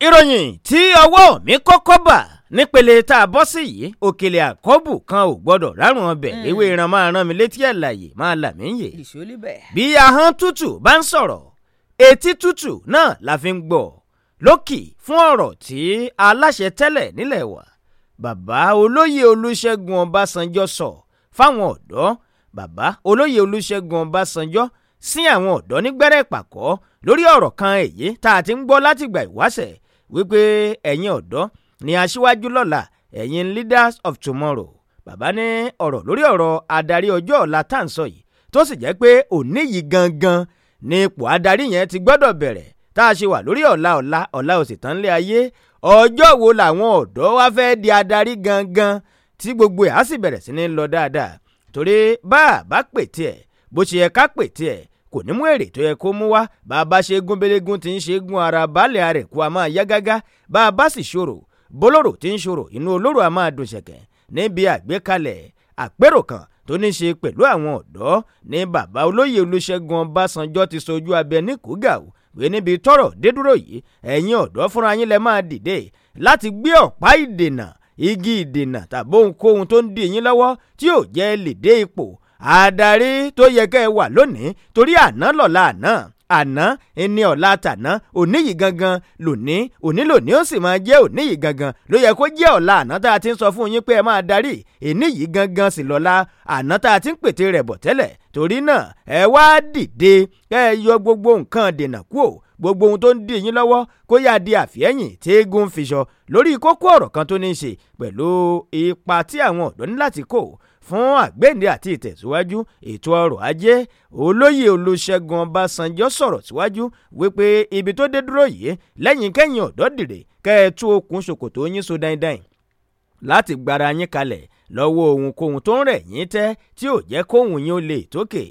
D: ìròyìn tí ọwọ́ mi kọ́kọ́ bà nípele tá a bọ́ sí yìí òkèlè àkọ́bù kan ò gbọ́dọ̀ rárùn ọbẹ̀ hmm. ewé ìran máa rán mi létí àlàyé máa là mí yè bí ahọ́n tútù bá ń sọ̀rọ̀ etí tútù náà la fi ń gbọ́ lókì fún ọ̀rọ̀ tí aláṣẹ tẹ́lẹ̀ nílẹ̀ wà bàbá olóyè olúṣẹ́gun ọbásanjọ́ sọ fáwọn ọ̀dọ́ bàbá olóyè olúṣẹ́gun ọbásanjọ́ sí àwọn ọ̀dọ́ nígbẹ́rẹ́ pàkọ́ lórí ọ̀rọ̀ kan èyí tá a ti ń gbọ́ látìgbà ìwáṣẹ̀ wípé ẹ̀yin ọ̀dọ́ ni aṣíwájú lọ́la ẹ̀yin leaders of tomorrow bàbá ní ọ̀rọ̀ lórí ọ̀rọ̀ adarí ọjọ́ ọ̀la tá à ń sọ yìí tó sì jẹ́ pé òní yìí gangan ni ipò adarí yẹn ti gbọ́dọ̀ bẹ̀rẹ̀ tá a ṣe wà lórí ọ̀la ọ̀la ọ̀la ò sì tán lé ayé ọjọ́ wo làwọn ọ̀dọ́ wá fẹ́ di adarí gangan tí gbogbo ẹ̀ á sì bẹ̀rẹ̀ sí ní lọ dáadáa torí bá a bá pè tiẹ̀ bó ṣe yẹ ká pè tiẹ̀ kò ní mú èrè tó yẹ kó mú wá bá a bá ṣe gúnbelégún tí ń ṣe gún ara baálẹ̀ arẹ̀ kó a máa yá gágá bá a bá sì ṣòro bólórò tí ń ṣòro inú olóró a máa dùn ṣẹ̀kẹ̀ níbi àgbékalẹ̀ àpérò kan tó ní ṣe pẹ̀lú àwọn ọ̀dọ́ ní bàbá olóyè olúṣẹ́gun ọbásanjọ́ ti sojú abẹ ní kúgàù pé níbi tọ́rọ̀ dé yìí ẹ̀yin ọ̀dọ́ fúnra yín lẹ máa dìde láti gbé ọ̀pá ìdènà igi ìdènà tàbí ohunkóhun tó ń di yín lọ́wọ́ tí yóò jẹ́ lè dé ipò adarí tó yẹ kẹ́ ẹ wà lónìí torí àná lọ́la àná àná ẹni ọ̀la tàná òní yìí gangan lòní òní lòní ó sì máa jẹ́ òní yìí gangan ló yẹ kó jẹ́ ọ̀la àná tá a ti ń sọ fún yín pé ẹ máa darí ẹni yìí gangan sì lọ́la àná tá a ti ń pètè rẹ̀ bọ̀ tẹ́lẹ̀ torí náà ẹ wá dìde ẹ yọ gbogbo nǹkan dènà kúò gbogbo ohun tó ń dí yín lọ́wọ́ kó yá di àfihẹ́yìn tí eégún lórí kókó ọ̀rọ̀ kan tó ní í ṣe pẹ̀lú ipa tí àwọn ọ̀dọ́ ní láti kó fún àgbéǹde àti ìtẹ̀síwájú ètò ọrọ̀ ajé olóyè olùṣègùn ọbásanjọ́ sọ̀rọ̀ síwájú wípé ibi tó dé dúró yìí lẹ́yìn kẹ́yìn ọ̀dọ́ dìrè kẹ́ ẹ tú okùn ṣòkòtò yín so dáindáin láti gbára yín kalẹ̀ lọ́wọ́ ohunkóhun tó ń rẹ̀ yín tẹ́ tí ò jẹ́ kóhun yín ó lè tókè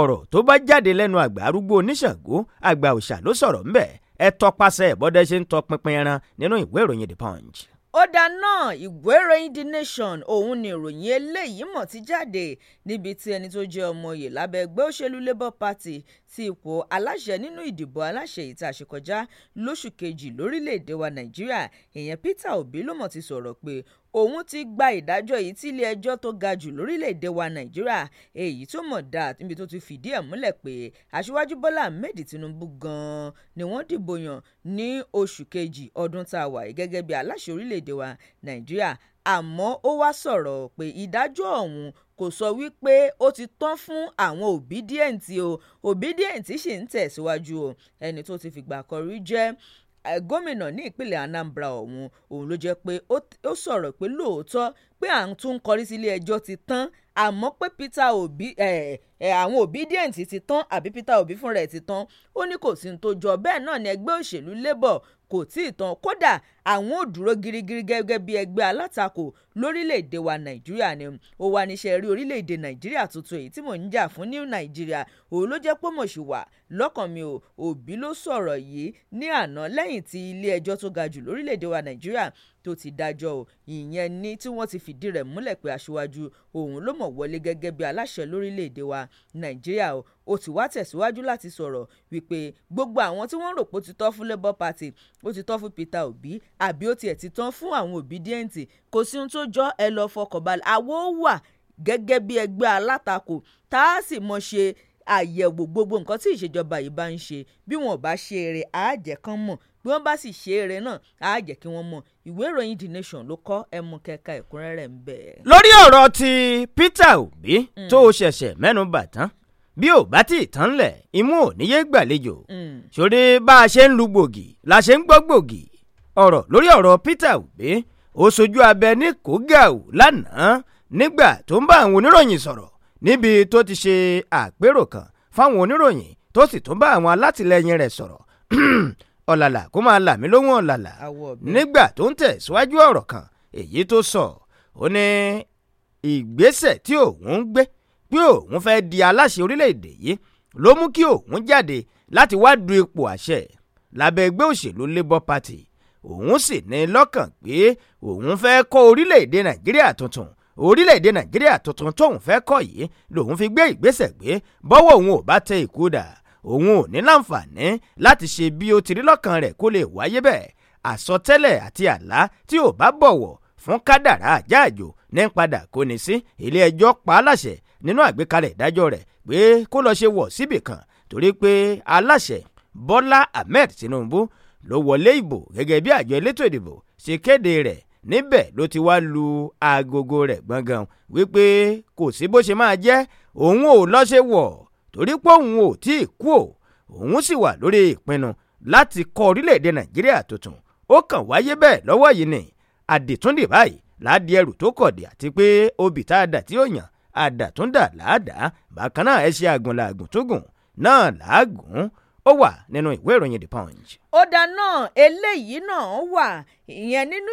D: ọ̀rọ̀ tó bá jáde lẹ́nu àgbà arúgbó oníṣàngó àgbà òòṣà ló sọ̀rọ̀ ńbẹ̀ ẹ tọpasẹ̀ bọ́dẹ́ ṣe ń tọpinpin ẹran nínú ìwé ìròyìn the punch
C: ó dáa náà ìwé ìròyìn the nation òun ni ìròyìn eléyìí mọ̀ ti jáde níbi tí ẹni tó jẹ́ ọmọye lábẹ́ ẹgbẹ́ òṣèlú labour party ti ipò aláṣẹ nínú ìdìbò aláṣẹ yìí tá a ṣe kọjá lóṣù kejì lórílẹ̀‐èdè wa nàìjíríà ìyẹn peter obi ló mọ̀ ti sọ̀rọ̀ pé òun ti gba ìdájọ́ èyí tí ilé ẹjọ́ tó ga jù lórílẹ̀‐èdè wa nàìjíríà èyí tó mọ̀ dáa níbi tó ti fìdí ẹ̀ múlẹ̀ pé aṣíwájú bọ́lá ahmed tinubu gan-an ni wọ́n dìbò yàn ní oṣù kejì ọdún tá a wà yìí gẹ́gẹ́ bí aláṣẹ orílẹ̀‐èdè wa nàìjíríà àmọ́ ó wá sọ̀rọ̀ pé ìdájọ́ ọ̀hún kò sọ wípé ó ti tán fún àwọn obedient o obedient sì ń tẹ̀síwájú o ẹni tó ti fìgbà kọrí jẹ́ Eh, gómìnà ní ìpínlẹ̀ Anambra ọ̀hún òun ló jẹ́ pé ó sọ̀rọ̀ pé lóòótọ́ pé à ń tún kọrí sílé ẹjọ́ ti tán àmọ́ pé Peter Obi eh, eh, àwọn Obidient ti tán àbí Peter Obi fúnra ẹ̀ ti tán ó ní kò sí ní tó jọ bẹ́ẹ̀ náà ni ẹgbẹ́ òṣèlú Labour kò tí ì tán kódà àwọn ò dúró girigiri gẹ́gẹ́ bí ẹgbẹ́ alátakò lórílẹ̀‐èdè wa nàìjíríà ni ó wà níṣẹ́ rí orílẹ̀‐èdè nàìjíríà tuntun èyí tí mò ń jà fún ní nàìjíríà òun ló jẹ́ pé mo ṣì wà lọ́kàn mi ò òbí ló sọ̀rọ̀ yìí ní àná lẹ́yìn tí ilé ẹjọ́ tó ga jù lórílẹ̀‐èdè wa nàìjíríà tó ti dájọ́ o ìyẹn ní tí wọ́n ti fìdí rẹ̀ múlẹ̀ pé aṣíwájú òun ló mọ̀ wọlé gẹ́gẹ́ bí aláṣẹ lórílẹ̀‐èdè wa nàìjíríà o ó ti wá tẹ̀síwájú láti sọ̀rọ̀ wípé gbogbo àwọn tí wọ́n rò pé ó ti tọ́ fún Labour Party ó ti tọ́ fún Peter Obi àbí ó tiẹ̀ ti tán fún àwọn Obidient kò sí ohun tó jọ ẹ lọ fọkànbalẹ̀ àwo wà gẹ́gẹ́ bí ẹgbẹ́ alátakò tá a sì mọ̀ ṣe àyẹ̀wò gbogbo nǹkan tí ìṣèjọba yìí bá ń ṣe bí wọn ò bá ṣe eré àájẹ kan mọ̀ bí wọ́n bá sì ṣe eré náà àájẹ kí wọ́n mọ̀ ìwé ìròyìn The Nation ló kọ ẹmu kẹka ẹ̀kúnrẹ́rẹ́ ń bẹ. lórí
D: ọ̀rọ̀ ti Peter Obi hmm. tó ṣẹ̀ṣẹ̀ mẹ́nu bà bí ò bá tí ì tán lẹ̀ imú ò níyé gbàlejò hmm. ṣòde bá a ṣe ń lu gbòógì la ṣe ń gbọ́ gbòógì ọ̀rọ̀ lórí ọ̀rọ̀ Peter Obi ó sojú abẹ ní kógàù lánàá nígbà tó ń bá àwọn oníròyìn sọ̀rọ̀ níbi tó ti ṣe àpérò kan fáwọn oníròyìn tó sì tún bá àwọn alátìlẹyìn rẹ̀ sọ̀rọ̀ ọ̀làlà kó máa là mí lóhùn ọ̀làlà nígbà tó ń tẹ̀síwájú ọ̀rọ̀ kan èyí tó sọ ó ní ìgbésẹ̀ tí òun ń gbé pé òun fẹ́ di aláṣẹ orílẹ̀-èdè yìí ló mú kí òun jáde láti wá du ipò àṣẹ lábẹ́ ẹgbẹ́ òṣèlú Labour Party òun sì ní lọ́kàn pé òun fẹ́ kọ́ orílẹ̀-èdè Nàìjíríà tuntun orílẹ̀-èdè Nàìjíríà tuntun tóun fẹ́ kọ́ yìí lòun fi gbé ìgbésẹ̀ gbé bọ́wọ́ òun ò bá tẹ ìkúdà òun ò ní láǹfààní láti ṣe bí ó ti rí lọ́kàn rẹ̀ kó lè wáyé bẹ́ẹ̀ àsọtẹ́lẹ̀ àti àlá tí ò bá bọ̀wọ̀ fún kádàrá àjáàjò ní padà kóni sí ilé ẹjọ́ pa á láṣẹ nínú àgbékalẹ̀ ìdájọ́ rẹ̀ pé kó lọ́ọ́ ṣe wọ̀ síbì kan torí pé aláṣẹ Bọ́lá Ahmed Tinubu ló wọlé ìbò gẹ́gẹ́ bí àjọ elétò ìdìbò ṣe kéde rẹ̀ níbẹ̀ ló ti wá lu agogo rẹ̀ gbọ̀ngàn wípé kò sí bó ṣe máa jẹ́ òun ò lọ́ọ́ ṣe wọ̀ torí pé òun ò tí ì kú ò òun sì wà lórí ìpinnu láti kọ orílẹ̀-èdè Nàìjíríà tuntun ó kàn wáyé bẹ́ẹ̀ lọ́wọ́ yìí ni àdìtúndì báyìí láàdì tó kọ̀dì àti pé obì tá a dà tí ó yàn àdàtúndà làádàá bákan náà ẹ ṣe àgùn làágùn tó gùn náà làágùn ó wà nínú ìwé ìròyìn the punch.
C: ó dáná eléyìí náà wà ìyẹn nínú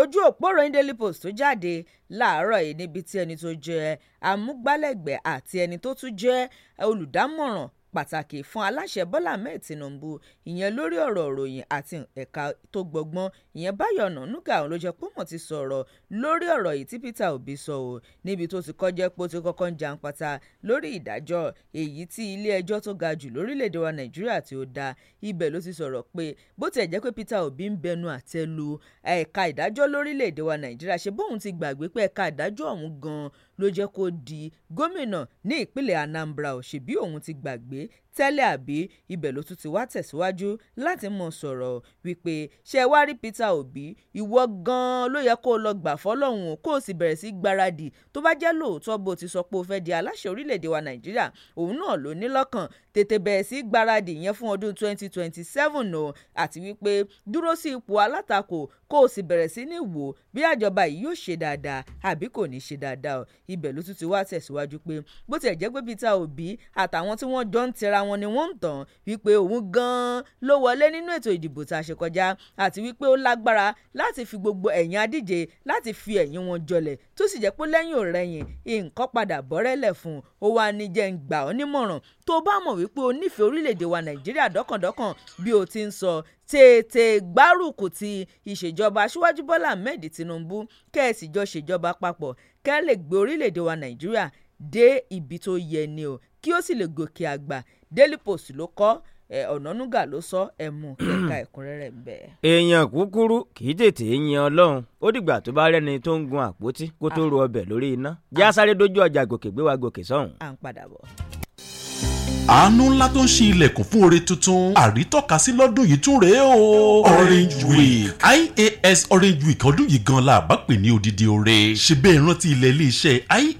C: ojú òpó ìròyìn daily post tó jáde láàárọ̀ yìí níbi tí ẹni tó jẹ́ amúgbálẹ́gbẹ̀ẹ́ àti ẹni tó tún jẹ́ olùdámọ̀ràn pàtàkì fún aláṣẹ Bọ́lá Ahmed Tinubu ìyẹn lórí ọ̀rọ̀ ìròyìn àti ẹ̀ka tó gbọgbọ́n ìyẹn Báyọ̀ Ọ̀nànúgà òun ló jẹ́ pé mọ̀ ti sọ̀rọ̀ lórí ọ̀rọ̀ yìí tí Peter Obi sọ o níbi tó ti kọ́jẹ́ pé ó ti kọ́kọ́ ń jàǹpátá lórí ìdájọ́ èyí tí ilé ẹjọ́ tó ga jù lórílẹ̀‐èdè wa Nàìjíríà tí ó dá ibẹ̀ ló ti sọ̀rọ̀ pé bó tiẹ̀ jẹ́ pé Peter Obi ń bẹnu àtẹ́ lu ẹ̀ka ìdájọ́ wa Nàìjíríà ṣe bóun ti gbàgbé pé ẹ̀ka ìdájọ́ ọ̀hún ló jẹ́ kó di gómìnà ní ìpínlẹ̀ anambra ò ṣe bí òun ti gbàgbé tẹ́lẹ̀ àbí ibẹ̀ ló tún ti wá tẹ̀síwájú láti mọ̀ sọ̀rọ̀ wípé ṣé wàá rí Peter Obi ìwọ gan-an ló yẹ kó o lọ gbà fọlọ́hún kó o sì bẹ̀rẹ̀ sí gbáradì tó bá jẹ́ lóòótọ́ bó ti sọ pé o fẹ́ di aláṣẹ orílẹ̀-èdè wa Nàìjíríà òun náà ló ní lọ́kàn tètè bẹ̀rẹ̀ sí gbáradì yẹn fún ọdún 2027 o àti wípé dúró sí ipò alátakò kó o sì bẹ̀rẹ̀ sí ní wò bí àjọba yìí yóò ṣe dáadáa àbí kò ní ṣe dáadáa o ibẹ̀ ló tún ti wá tẹ̀síwájú pé bó tiẹ̀ jẹ́ pé Peter Obi àtàwọn tí wọ́n jọ ń tẹra ara wọn ni wọ́n ń tàn wípé òun gan-an ló wọlé nínú ètò ìdìbò tá a ṣe kọjá àti wípé ó lágbára láti fi gbogbo ẹ̀yìn adíje láti fi ẹ̀yìn wọn jọlẹ̀ tó sì jẹ́ pé lẹ́yìn ò rẹ̀yìn nǹkan padà bọ́rẹ́lẹ̀ fún un ó wàá ní jẹ́ ń gbà ọ́ nímọ̀ràn tó bá mọ̀ wípé o nífẹ̀ẹ́ orílẹ̀-èdè wa nàìjíríà dọ́kàndọ́kàn bí o ti ń sọ tètè gbárùkù ti ìṣèjọba aṣíwájú bọ́lá ahmed tinubu kẹ́ẹ̀sì jọ ṣèjọba papọ̀ kẹ́ẹ̀ lè gbé orílẹ̀-èdè wa nàìjíríà dé ibi tó yẹ ni o kí ó sì lè gòkè àgbà Daily Post ló kọ́ Ọ̀nànúgà ló sọ ẹ mú kẹka ẹ̀kúnrẹ́rẹ́ ń bẹ.
D: èèyàn kúkúrú kì í tètè yan Ọlọ́run ó dìgbà tó bá rẹ́ni tó ń gun àpótí kó tó ah. ro ọbẹ̀ lórí iná jẹ́ àsáré dójú ọjà gòkè gbé wa gòkè sọ́hùn. à ń padà bọ̀
H: àánú ńlá tó ń ṣe ilẹ̀kùn fún oore tuntun àrítọ́ka sí lọ́dún yìí tún rèé o. orange week ias orange week ọdún yìí gan la bá pè ní odidi oore ṣe bẹ́ẹ̀ rántí ilẹ̀ iléeṣẹ́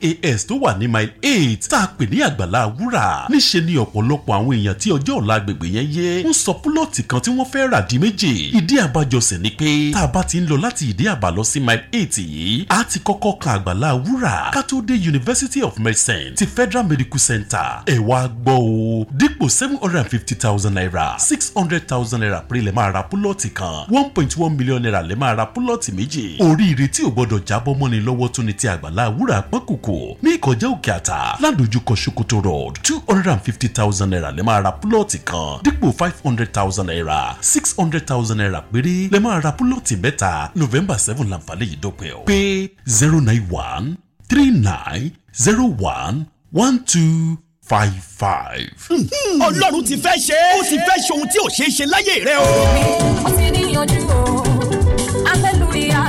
H: ias tó wà ní mile eight tá a pè ní àgbàlá wúrà níṣe ni ọ̀pọ̀lọpọ̀ àwọn èèyàn tí ọjọ́ ọ̀la agbègbè yẹn yé ń sọ púlọ̀tì kan tí wọ́n fẹ́ rà di méje ìdí àbájọ ni pé tá a bá ti ń lọ láti ìdí àbá lọ sí mile eight yìí a ti kọ́kọ́ kan àgbàlá wúrà ká tó dé University of Medicine ti Federal Medical Center ẹ̀ wá gbọ́ o o dípò seven hundred and fifty thousand naira six hundred thousand naira péré lè máa ra púlọ̀tì kan one point one million naira lè máa ra púlọ̀tì méjì oríire tí ò gbọdọ̀ jábọ́ mọ́ni lọ́wọ́ tún ni ti àgbàlá wúrà pọ́nkòkò ní ìkọjá òkè àtà ládojúkọ sokoto road two hundred and fifty thousand naira lè máa ra púlọ̀tì kan dípò five hundred thousand naira six hundred thousand naira péré lè máa ra púlọ̀tì mẹ́ta november seven lànfààní yìí dópin o pé zero nine one three nine zero one one two five
F: five. ọlọ́run ti fẹ́ ṣe é ó ti fẹ́ ṣe ohun tí ò ṣeé ṣe láyé rẹ o. èmi
I: ò ti níyanjú o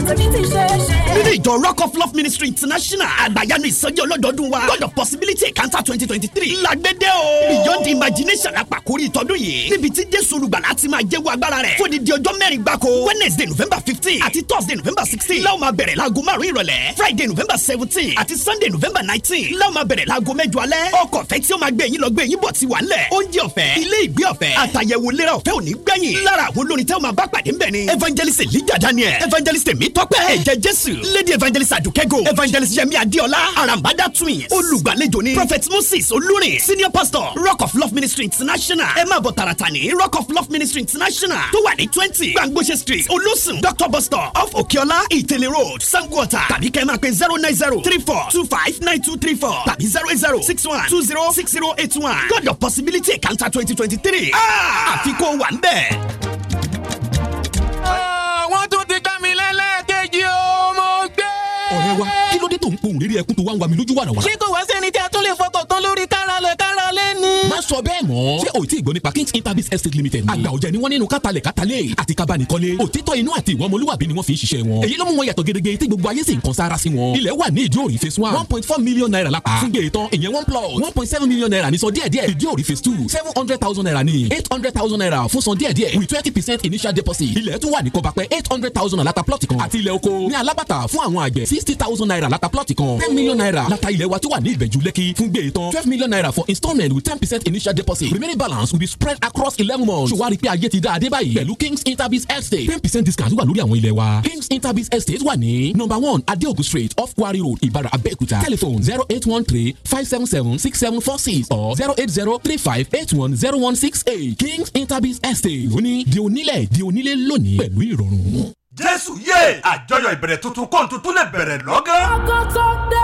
I: nínú
F: ìjọ rock of love ministry international àgbàyanu ìsọjí ọlọ́dọọdún wa god of possibility encounter twenty twenty three làgbédè o beyond imagination àpàkórí ìtọ́dún yìí níbi tí jésù olùgbàlà ti máa jẹ́wọ́ agbára rẹ̀ fún ìdí ọjọ́ mẹ́rin gbáko wednesday november fifteen àti thursday november sixteen láwọn máa bẹ̀rẹ̀ láago márùn ìrọ̀lẹ́ friday november seventeen àti sunday november nineteen láwọn máa bẹ̀rẹ̀ láago mẹ́jọ alẹ́ ọkọ̀ ọ̀fẹ́ tí ó máa gbé yín lọ gbé yín bọ̀ ti wà ńlẹ̀ oúnjẹ ọ̀fẹ́ ilé ìgbé ọ̀fẹ́ àtàyẹ̀wò lera ọ̀fẹ́ ò ní gbẹ̀yìn lára àwọn olórin tẹ́ ni evangelist elijah daniel evangelist emi tọ́pẹ́ ẹ̀jẹ̀ jésù lady evangelist adukẹ́go evangelist yẹmi adéọlá arambada twins olùgbàlejò ni prophet moses olúrin senior pastor rock of love ministry international ẹ máa bọ̀ tààràtà ní rock of love ministry international tó wà ní twenty gbangbose street olùsùn doctor bus stop off òkèọlá ìtẹ̀lẹ̀ road sangoota tàbí kẹ́ máa zero nine zero three four two five nine two three four tàbí zero eight zero six one two zero six zero eight one god of possibility counter twenty twenty three ah! àfikún wà ń bẹ̀.
A: ọmọ wa kí ló dé tó ń pohùn rírì ẹkún tó wá ń wa mi lójú wàràwàrà. ṣé kò wá sẹ́ni tí a tún lè fọkàn tán lórí kára lẹ̀ kára lé ni. má sọ bẹ́ẹ̀ mọ́. ṣé o ti gbọ́ nípa kings interbis estate limited ni. àgbà ọ̀jẹ̀ ni wọ́n nínú kátàlẹ̀ kátàlẹ̀ àti kábánikọ́lé. òtítọ́ inú àti ìwà ọmọlúwàbí ni wọ́n fi ń ṣiṣẹ́ wọn. èyí ló mú wọn yàtọ̀ gedegbe tí million naira lápá. fún gbé tán ìyẹn one plus. one million naira ní sọ díẹ̀ díẹ̀. ìdíòrí phase two. seven thousand naira ní. thousand naira fún sọ díẹ̀ díẹ̀. with twenty initial deposit. ilẹ̀ tún wà ní kọ́bapẹ́ eight thousand naira láta plọ̀tì kan. àti ilẹ̀ oko ní alábàtà fún thousand naira láta plọ́ọ̀tì kan ten million naira láta ilẹ̀ wa tó wà ní ìbẹ̀jú lẹ́kì fún gbé e tán twelve million naira for installment with ten percent initial deposit remaining balance will be spread across eleven months ṣùwárí pé ayé ti dá adé báyìí pẹ̀lú kings interbis estate ten percent discount wà lórí àwọn ilẹ̀ wa kings interbis estate wà ní number one adeogun street off quarry road ìbàrà abẹ́òkúta telephone zero eight one three five seven seven six seven four six or zero eight zero three five eight one zero one six eight kings interbis estate òní di onílẹ̀ di onílé lónìí pẹ̀lú ìrọ̀rùn jésù yé àjọyọ̀ ìbẹ̀rẹ̀ tuntun kóhun tuntun lè bẹ̀rẹ̀
F: lọ́gán. ọgọ́ tó dé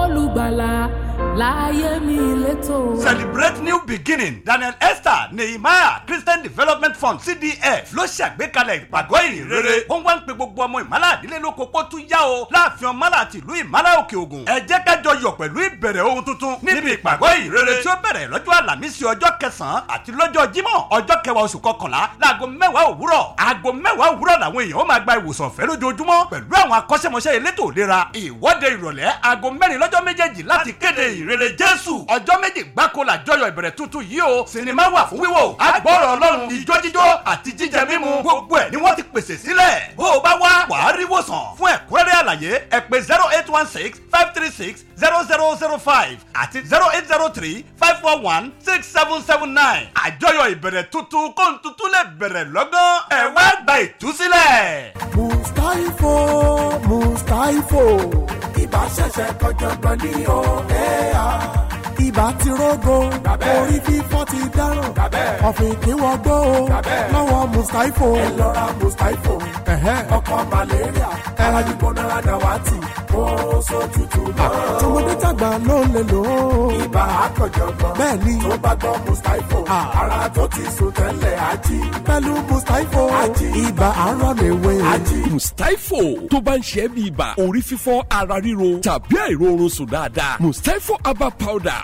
F: olùgbàlà láyé mi celebrate new beginning daniel esther nehemiah christian development fund cdf ló ṣàgbékalẹ̀ ìpàgọ́ ìrere. ó wá ń pe gbogbo ọmọ ìmàlà àdílé lóko kó tún yá o láàfin ọmọlà àti ìlú ìmàlà òkè ògùn. ẹ jẹ́ ká jọ pẹ̀lú ìbẹ̀rẹ̀ ohun tuntun níbi ìpàgọ́ ìrere tí ó bẹ̀rẹ̀ lọ́jọ́ àlàmísì ọjọ́ kẹsàn-án àti lọ́jọ́ jímọ̀ ọjọ́ kẹwàá oṣù kọkànlá láago mẹ́wàá òwúrọ̀ ìrere jésù. ọjọ́ méjì gbáko làjọyọ̀ ìbẹ̀rẹ̀ tuntun yìí o sinimá wà fún wíwò agbọ́rọ̀ ọlọ́run ijó jíjó àti jíjẹ mímu gbogbo ẹ̀ ni wọ́n ti pèsè sílẹ̀. bó o bá wá wàá rí wòsàn fún ẹ̀kúnrẹ́rẹ́ àlàyé ẹ pè zero eight one six five three six zero zero zero five àti zero eight zero three five four one six seven seven nine. àjọyọ̀ ìbẹ̀rẹ̀ tuntun kó n tuntun lè bẹ̀rẹ̀ lọ́gán ẹ wá gba ìtúsílẹ̀. mustaifo mustaifo ibà ṣẹ̀ṣẹ̀ kọjọ́gbọ́n ní o. Hey. are. ibà ti rógo orí fífọ́ ti dáràn ọ̀fìn kí wọ́n gbó o lọ́wọ́
B: mùsítáífò. ẹ lọ ra ọkọ̀ malaria alájùbọ̀ náírà dàwátì ó so tutù náà. tọmọdé
G: tàgbà ló lè lò
F: ó. ibà àkànjọ̀gbọ́n bẹ́ẹ̀ ni tó bá gbọ́ mùsítáífò ah. ara tó ti sùn tẹ́lẹ̀ ají. pẹ̀lú
H: mùsítáífò
A: ají ibà arán lè wé. ají tó bá ń ṣe é bí ibà orí fífọ́ ara ríro tàbí àìróorun sùn dáadáa mùsítáífò herbal powder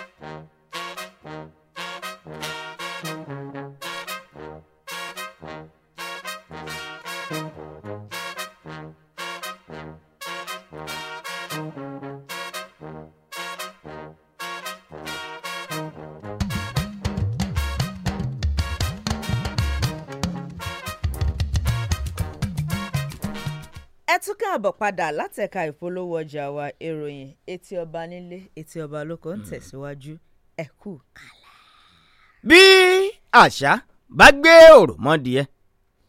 C: ẹ tún káàbọ̀ padà látẹ̀ka ìpolówó ọjà wa ìròyìn etí ọba nílé etí ọba lóko ń hmm. tẹ̀síwájú ẹ kú àlà.
D: bí àṣà bá gbé òròmọdìẹ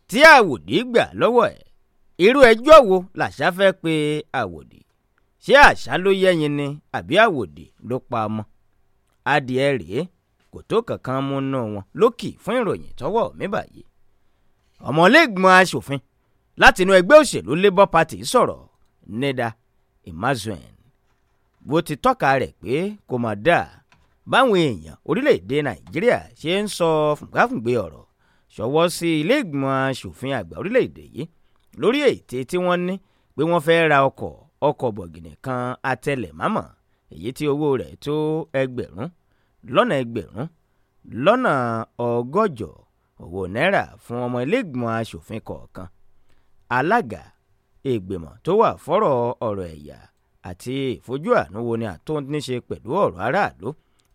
D: tí àwòdì gbà lọ́wọ́ ẹ̀ irú ẹjọ́ wo làṣà fẹ́ pe àwòdì ṣé àṣà ló yẹyin ni àbí àwòdì ló pa ọmọ adìẹ rèé kò tó kankan mú nú wọn lókì fún ìròyìn tọwọ́ mi báyìí ọmọlẹ́gbọ̀n aṣòfin látinú ẹgbẹ́ òṣèlú labour party sọ̀rọ̀ neda emazuen bó ti tọ́ka rẹ̀ pé kò mà dáa báwọn èèyàn orílẹ̀-èdè nàìjíríà ṣe ń sọ fúngáfùngbé ọ̀rọ̀ ṣọwọ́ sí ilé ìgbìmọ̀ asòfin àgbà orílẹ̀-èdè yìí lórí ète tí wọ́n ní pé wọ́n fẹ́ ra ọkọ̀ ọkọ̀ bọ̀gìnì kan atẹlẹ̀mọ́mọ́ èyí tí owó rẹ̀ tó ẹgbẹ̀rún lọ́nà ẹgbẹ̀rún lọ́nà ọgọ́jọ owó náírà fún ọmọ ilé ìgbìmọ̀ asòfin kọ̀ọ̀kan alága ìgbìmọ̀ tó wà fọ́rọ̀ ọ̀rọ̀ ẹ̀yà àti ìfojú àánú wo ni àtó ní ṣe pẹ̀lú ọ̀rọ̀ aráàlú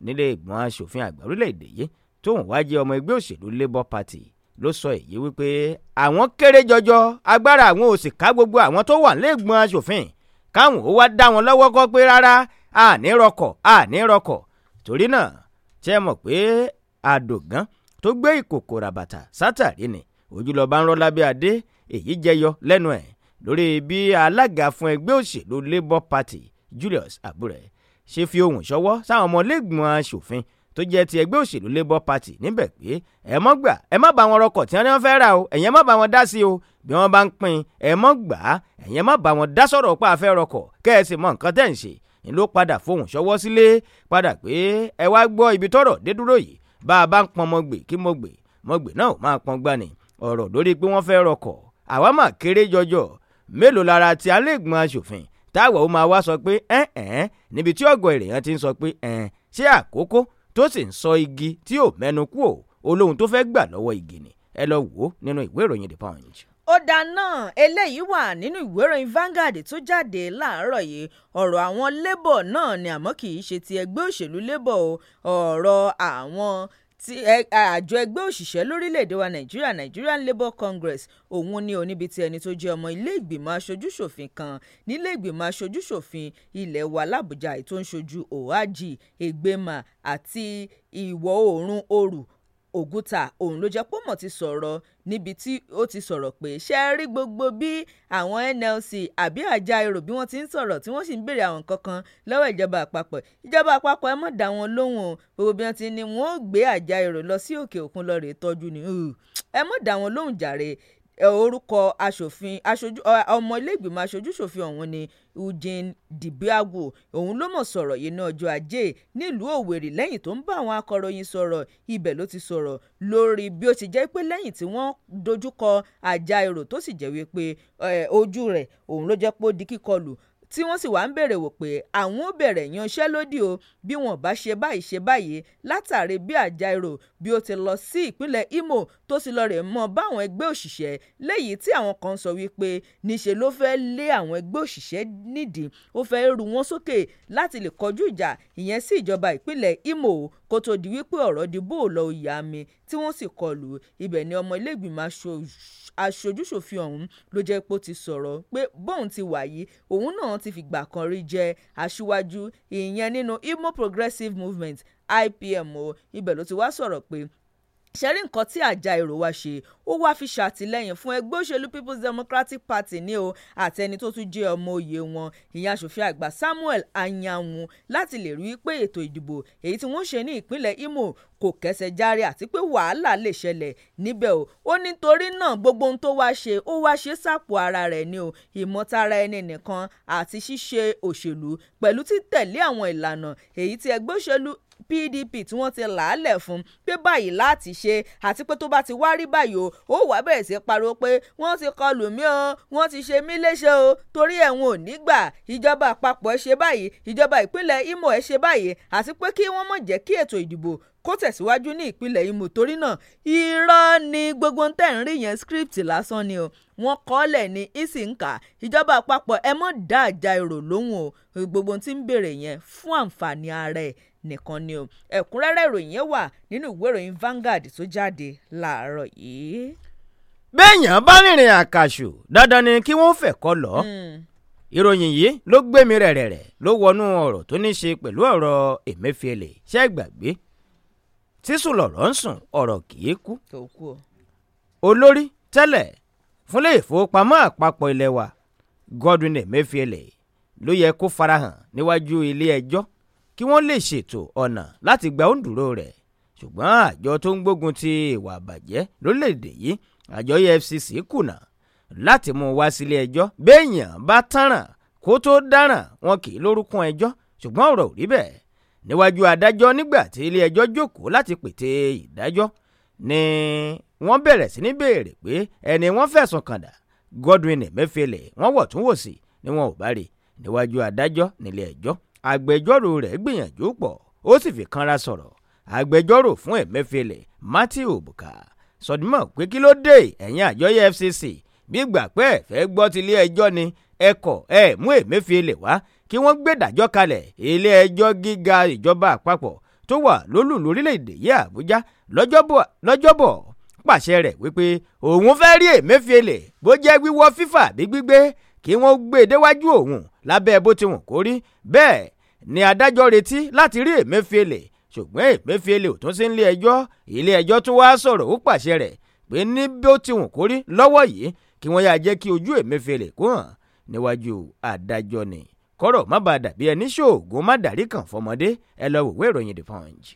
D: nílé ìgbìmọ̀ asòfin àgbà orílẹ̀-èdè yìí tóun wá jẹ́ ọmọ ẹgbẹ́ òṣèlú labour party ló sọ èyí wípé àwọn kéré jọjọ agbára àwọn ò sì ká gbogbo àwọn tó wà nílé ìgbìmọ̀ asòfin káwọn ó wá dá wọn lọ́wọ́ kọ́ pé rárá àní rọkọ̀ àní rọkọ̀ torí náà tí ẹ mọ̀ pé àdògán tó gbé ìkòkò ràbàtà sátàrí ni ojúlọ́ba ń rọ́ lábẹ́ adé èyí jẹyọ lẹ́nu ẹ̀ lórí bí alága fún ẹgbẹ́ òṣèlú labour party julius abure ṣe fi ohùn ṣọwọ́ sáwọn ọmọlẹ́gbọ̀n aṣòfin tó jẹ́ ti ẹgbẹ́ òṣèlú labour party níbẹ̀ pé ẹ mọ́ gbà ẹ má bá wọn rọkọ̀ tí wọ́n ní wọ́n fẹ́ rà o ẹ̀yẹn má bá wọn dá sí o bí wọ́n bá ń pín ẹ mọ́ gbà ẹ̀yẹn má bá wọn dá sọ̀rọ̀ pa àfẹ́ rọkọ̀ kẹ́ ẹ sì mọ nǹkan tẹ̀ ń ṣe ni ló padà fohùn ṣọwọ́ sílé padà pé ẹ wá gbọ́ ibi tọ́rọ̀ dé dúró yìí bá a bá ń pọn mọ́gbè kí mọ́gbè mọ́gbè náà máa pọn gbani ọ̀rọ̀ lórí pé wọ́n fẹ́ rọkọ̀ àwa mà kéré jọjọ mélòó lára tí a lè gbọn aṣòfin táwa ó máa wá sọ pé ẹ ẹ níbi tí ọgọ ènìyàn ti ń sọ pé ẹ ṣé àkókò tó sì ń sọ igi tí ò mẹ́nu kú ò olóhun tó fẹ́ gbà lọ́wọ́ igi ni ẹ lọ wò ó nínú ìwé ìròyìn the punch
C: ó dá náà eléyìí wà nínú ìwé ìròyìn Vanguard tó jáde láàárọ̀ yìí ọ̀rọ̀ àwọn labour náà ni àmọ́ kì í ṣe ti ẹgbẹ́ òṣèlú labour o ọ̀rọ̀ àwọn ti àjọ ẹgbẹ́ òṣìṣẹ́ lórílẹ̀‐èdè wa nàìjíríà Nigerian Labour Congress òun ni oníbi ti ẹni tó jẹ́ ọmọ ilé ìgbìmọ̀ aṣojú kan nílé ìgbìmọ̀ aṣojú-ṣòfin ilẹ̀ wa làbújá èyí tó Ohaji Egbema àti ìwọ̀ oòrùn oru Oguta òun ló jẹ́ pọ́mọ̀ ti sọ̀rọ̀ níbi tí ó ti sọ̀rọ̀ pé ṣe rí gbogbo bí àwọn NLC àbí àjà èrò bí wọ́n ti ń sọ̀rọ̀ tí wọ́n sì ń béèrè àwọn nǹkan kan lọ́wọ́ ìjọba àpapọ̀ ìjọba àpapọ̀ ẹ mọ̀ dá wọn lóhùn o gbogbo bí wọ́n ti ní wọ́n ó gbé àjà èrò lọ sí òkè òkun lọ rèé tọ́jú ni ẹ mọ̀ dá wọn lóhùn jàre orúkọ asòfin aṣojú ọmọ iléègbìmọ̀ aṣojúṣòfin ọ̀hún ni eugene dibiagu òun ló mọ̀ sọ̀rọ̀ yìí ní ọjọ́ ajé nílùú òwèrè lẹ́yìn tó ń bá àwọn akọ̀ròyìn sọ̀rọ̀ ibẹ̀ ló ti sọ̀rọ̀ lórí bí ó ti jẹ́ pé lẹ́yìn tí wọ́n dojúkọ àjà èrò tó sì jẹ́ wípé ojú rẹ̀ òun ló jẹ́ pé ó di kíkọlù tí wọ́n sì wá ń bèrè wò pé àwọn ò bẹ̀rẹ̀ ìyanṣẹ́lódì o bí wọn bá ṣe báyìí ṣe báyìí látàrí bí Ajaero bí ó ti lọ sí ìpínlẹ̀ Imo tó sì lọ rè mọ́ báwọn ẹgbẹ́ òṣìṣẹ́ léyìí tí àwọn kan sọ wípé níṣe ló fẹ́ lé àwọn ẹgbẹ́ òṣìṣẹ́ nídìí ó fẹ́ rú wọn sókè láti lè kọjú ìjà ìyẹn sí ìjọba ìpínlẹ̀ Imo kó tó di wípé ọ̀rọ̀ di bó lọ ìyá mi tí wọ́n sì kọlù ibẹ̀ ni ọmọ ilé ìgbìmọ̀ aṣojúṣòfin ọ̀hún ló jẹ́ pé ó ti sọ̀rọ̀ pé bóun ti wà yìí òun náà wọ́n ti fìgbà kan rí jẹ́ aṣíwájú ìyẹn nínú Imo Progressive Movement IPM o ibẹ̀ ló ti wá sọ̀rọ̀ pé ṣe rí nǹkan tí àjàírò wá ṣe ó wáá fi ṣàtìlẹ́yìn fún ẹgbẹ́ òṣèlú people's democratic party ní o àtẹni tó tún jẹ́ ọmọ òye wọn ìyẹn aṣòfin àgbà samuel anyanwu láti lè rí i pé ètò ìdìbò èyí tí wọ́n ṣe ní ìpínlẹ̀ imo kò kẹsẹ̀ járe àti pé wàhálà lè ṣẹlẹ̀ níbẹ̀ o ó nítorí náà gbogbo ohun tó wáá ṣe ó wáá ṣe sápò ara rẹ̀ ni o ìmọ̀tara ẹni nìkan àti ṣíṣe òṣèlú pẹ̀lú títẹ̀lé àwọn ìlànà èyí tí ẹgbẹ́ òṣèlú pdp tí wọ́n ti làálẹ̀ fún pé báyìí láti ṣe àti pé tó bá ti wá rí báyìí o ó wàá bẹ̀rẹ̀ sí pariwo pé wọ́n ti kọlù mí o wọ́n ti ṣe mí léṣe o torí ẹ̀wọ̀n ò ní gbà ìjọba àpapọ̀ ẹ ṣe báyìí ìjọba ìpínlẹ̀ Imo ẹ ṣe báyìí àti pé kí wọ́n mọ̀ jẹ́ kí ètò ìdìbò kó tẹ̀síwájú ní ìpínlẹ̀ Imo torí náà irọ́ ni gbogbo ń tẹ̀ ń rí yẹn script lásán ni o wọ́n kọ́lẹ̀ ní ìsìnkà ìjọba àpapọ̀ ẹ mọ̀ dá èrò lóhùn o gbogbo tí ń béèrè yẹn fún àǹfààní ara ẹ̀ nìkan ni o ẹ̀kúnrẹ́rẹ́ ìròyìn yẹn wà nínú ìwé ìròyìn Vanguard tó jáde láàárọ̀ yìí.
D: béèyàn bá rìnrìn àkàṣù dandan ni kí wọ́n fẹ̀kọ́ lọ. Hmm. ìròyìn yìí ló gbé mi rẹ̀rẹ̀rẹ̀ ló wọnú ọ̀rọ̀ tó ní ṣe pẹ̀lú ọ̀rọ̀ Emefiele ṣẹ́ gbàgbé sísùn lọ̀rọ̀ ń sùn ọ̀rọ̀ kì í kú. olórí tẹ́lẹ̀ fúnlé ìfowópamọ́ àpapọ̀ ilé wa Godwin Emefiele ló yẹ kó farahàn níwájú ilé ẹjọ́ e kí wọ́n lè ṣètò ọ̀nà láti gba òǹdúró rẹ̀ ṣùgbọ́n àjọ tó ń gbógun ti ìwà àbàjẹ́ lórílẹ̀‐èdè yìí àjọ EFCC kùnà láti mú un wá sílé ẹjọ́ béèyàn bá tánràn kó tó dáràn wọn kì í lórúkún ẹjọ́ ṣùgbọ́n ọ̀rọ̀ ò rí bẹ́ẹ̀ níwájú adájọ́ nígbà tí ilé ẹjọ́ jókòó láti pète ìdájọ́ ni wọ́n bẹ̀rẹ̀ sí ní béèrè pé ẹni wọ́n fẹ̀sùn kàndà Godwin Emefiele wọ́n wọ̀ tún wò sí ni wọn ò bá rí níwájú adájọ́ nílé ẹjọ́ agbẹjọ́rò rẹ̀ gbìyànjú pọ̀ ó sì fi kanra sọ̀rọ̀ agbẹjọ́rò fún Emefiele Matthew obuka sọdúnmọ̀ pé kí ló dé ẹ̀yìn àjọ EFCC bí gbà pé ẹ fẹ́ gbọ́ ti ilé ẹjọ́ ni ẹ kọ̀ ẹ mú Emefiele wá kí wọ́n gbèdájọ́ kalẹ̀ ilé ẹjọ́ gíga ìjọba àpapọ̀ tó wà lólùlù orílẹ̀-èdè yìí Àbújá lọ́jọ́bọ̀ pàṣẹ rẹ̀ wípé òun fẹ́ rí Emefiele bó jẹ́ wíwọ́ fífà bí gbígbé kí wọ́n gbé e déwájú òun lábẹ́ bó ti wùn kó rí bẹ́ẹ̀ ni adájọ́ retí láti rí Emefiele ṣùgbọ́n Emefiele ò tún sí ilé ẹjọ́ ilé ẹjọ́ tún wá sọ̀rọ̀ ó pàṣẹ rẹ̀ pé ní bí ó ti wùn kó rí lọ́wọ́ yìí kí wọ́n yáa jẹ́ kí ojú Emefiele kó hàn níwájú adájọ́ ni kọ́rọ̀ má bàa dàbí ẹni ṣoògùn má dàrí kan fọmọdé ẹ lọ wòwé ìròyìn The Punch.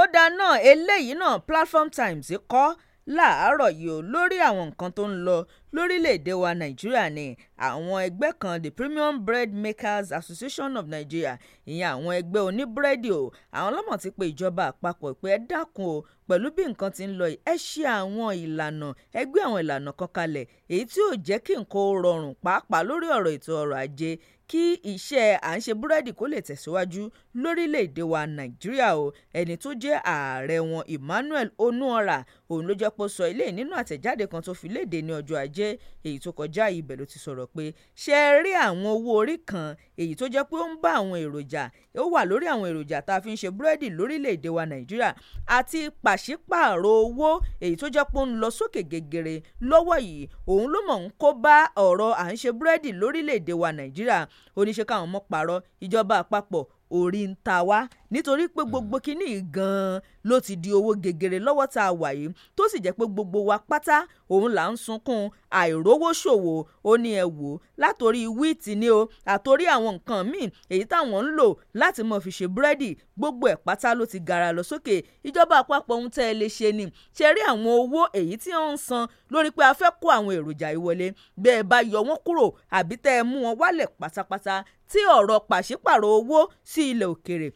C: ó dáa eléyìí náà Platform Times kọ́ láàárọ̀ yìí lórí àwọn nǹkan tó ń lọ lórílẹ̀‐èdè wa nàìjíríà ni àwọn ẹgbẹ́ kan the premium bread makers association of nigeria ìyẹn àwọn ẹgbẹ́ oníbúrẹ́dì o àwọn ọlọ́mọ̀ ti pe ìjọba àpapọ̀ pé ẹ dákun o pẹ̀lú bí nǹkan ti ń lọ ẹ ṣe àwọn ìlànà ẹ gbé àwọn ìlànà kan kalẹ̀ èyí tí yóò jẹ́ kí nǹkan ó rọrùn pàápàá lórí ọ̀rọ̀ ètò ọrọ̀ ajé kí iṣẹ́ à ń ṣe búrẹ́dì kó lè tẹ̀síwájú lórílẹ̀‐èdè wa nàìjíríà o ẹni tó jẹ́ ààrẹ wọn emmanuel onuora òun ló jẹ́ pé ó sọ eléyìí nínú àtẹ̀jáde kan tó fi léde ní ọjọ́ ajé èyí tó kọjá ibẹ̀ ló ti sọ̀rọ̀ pé ṣe é rí àwọn owó orí kan èyí tó jẹ́ pé ó ń bá àwọn èròjà ó wà lórí àwọn èròjà tá a fi ń ṣe búrẹ́dì lórílẹ̀‐èdè wa nàìjíríà àti pàṣípààrọ̀ owó èyí tó jẹ́ pé ó ń lọ sókè gegere lọ́wọ́ yìí òun ló mọ̀ ń kó bá ọ̀rọ̀ à ń ṣe búrẹ́dì lórílẹ̀‐èdè wa nàìjíríà oníṣẹ́ káwọn mọ̀ pààrọ̀ ìjọba àpapọ̀ orí ń ta wá nítorí pé gbogbo hmm. kínní gan ló ti di owó gegere lọ́wọ́ tá a wà yìí tó sì jẹ́ pé gbogbo wa pátá òun là ń sunkún àìrówó ṣòwò ó ní ẹ wò látòrí wíìtì ni o àtòrí àwọn nǹkan míì èyí táwọn ń lò láti mọ̀ fi ṣe búrẹ́dì gbogbo ẹ̀ pátá ló ti gara lọ sókè ìjọba àpapọ̀ ohun tẹ́ ẹ lè ṣe ni ṣe rí àwọn owó èyí tí wọ́n ń san lórí pé a fẹ́ kó àwọn èròjà ìwọlé bẹ́ẹ̀ bá yọ wọ́n kúrò àbí tẹ́ ẹ mú wọn wálẹ̀ pátápátá tí ọ̀rọ̀ pàṣípàrọ̀ owó sí ilẹ̀ òkèrè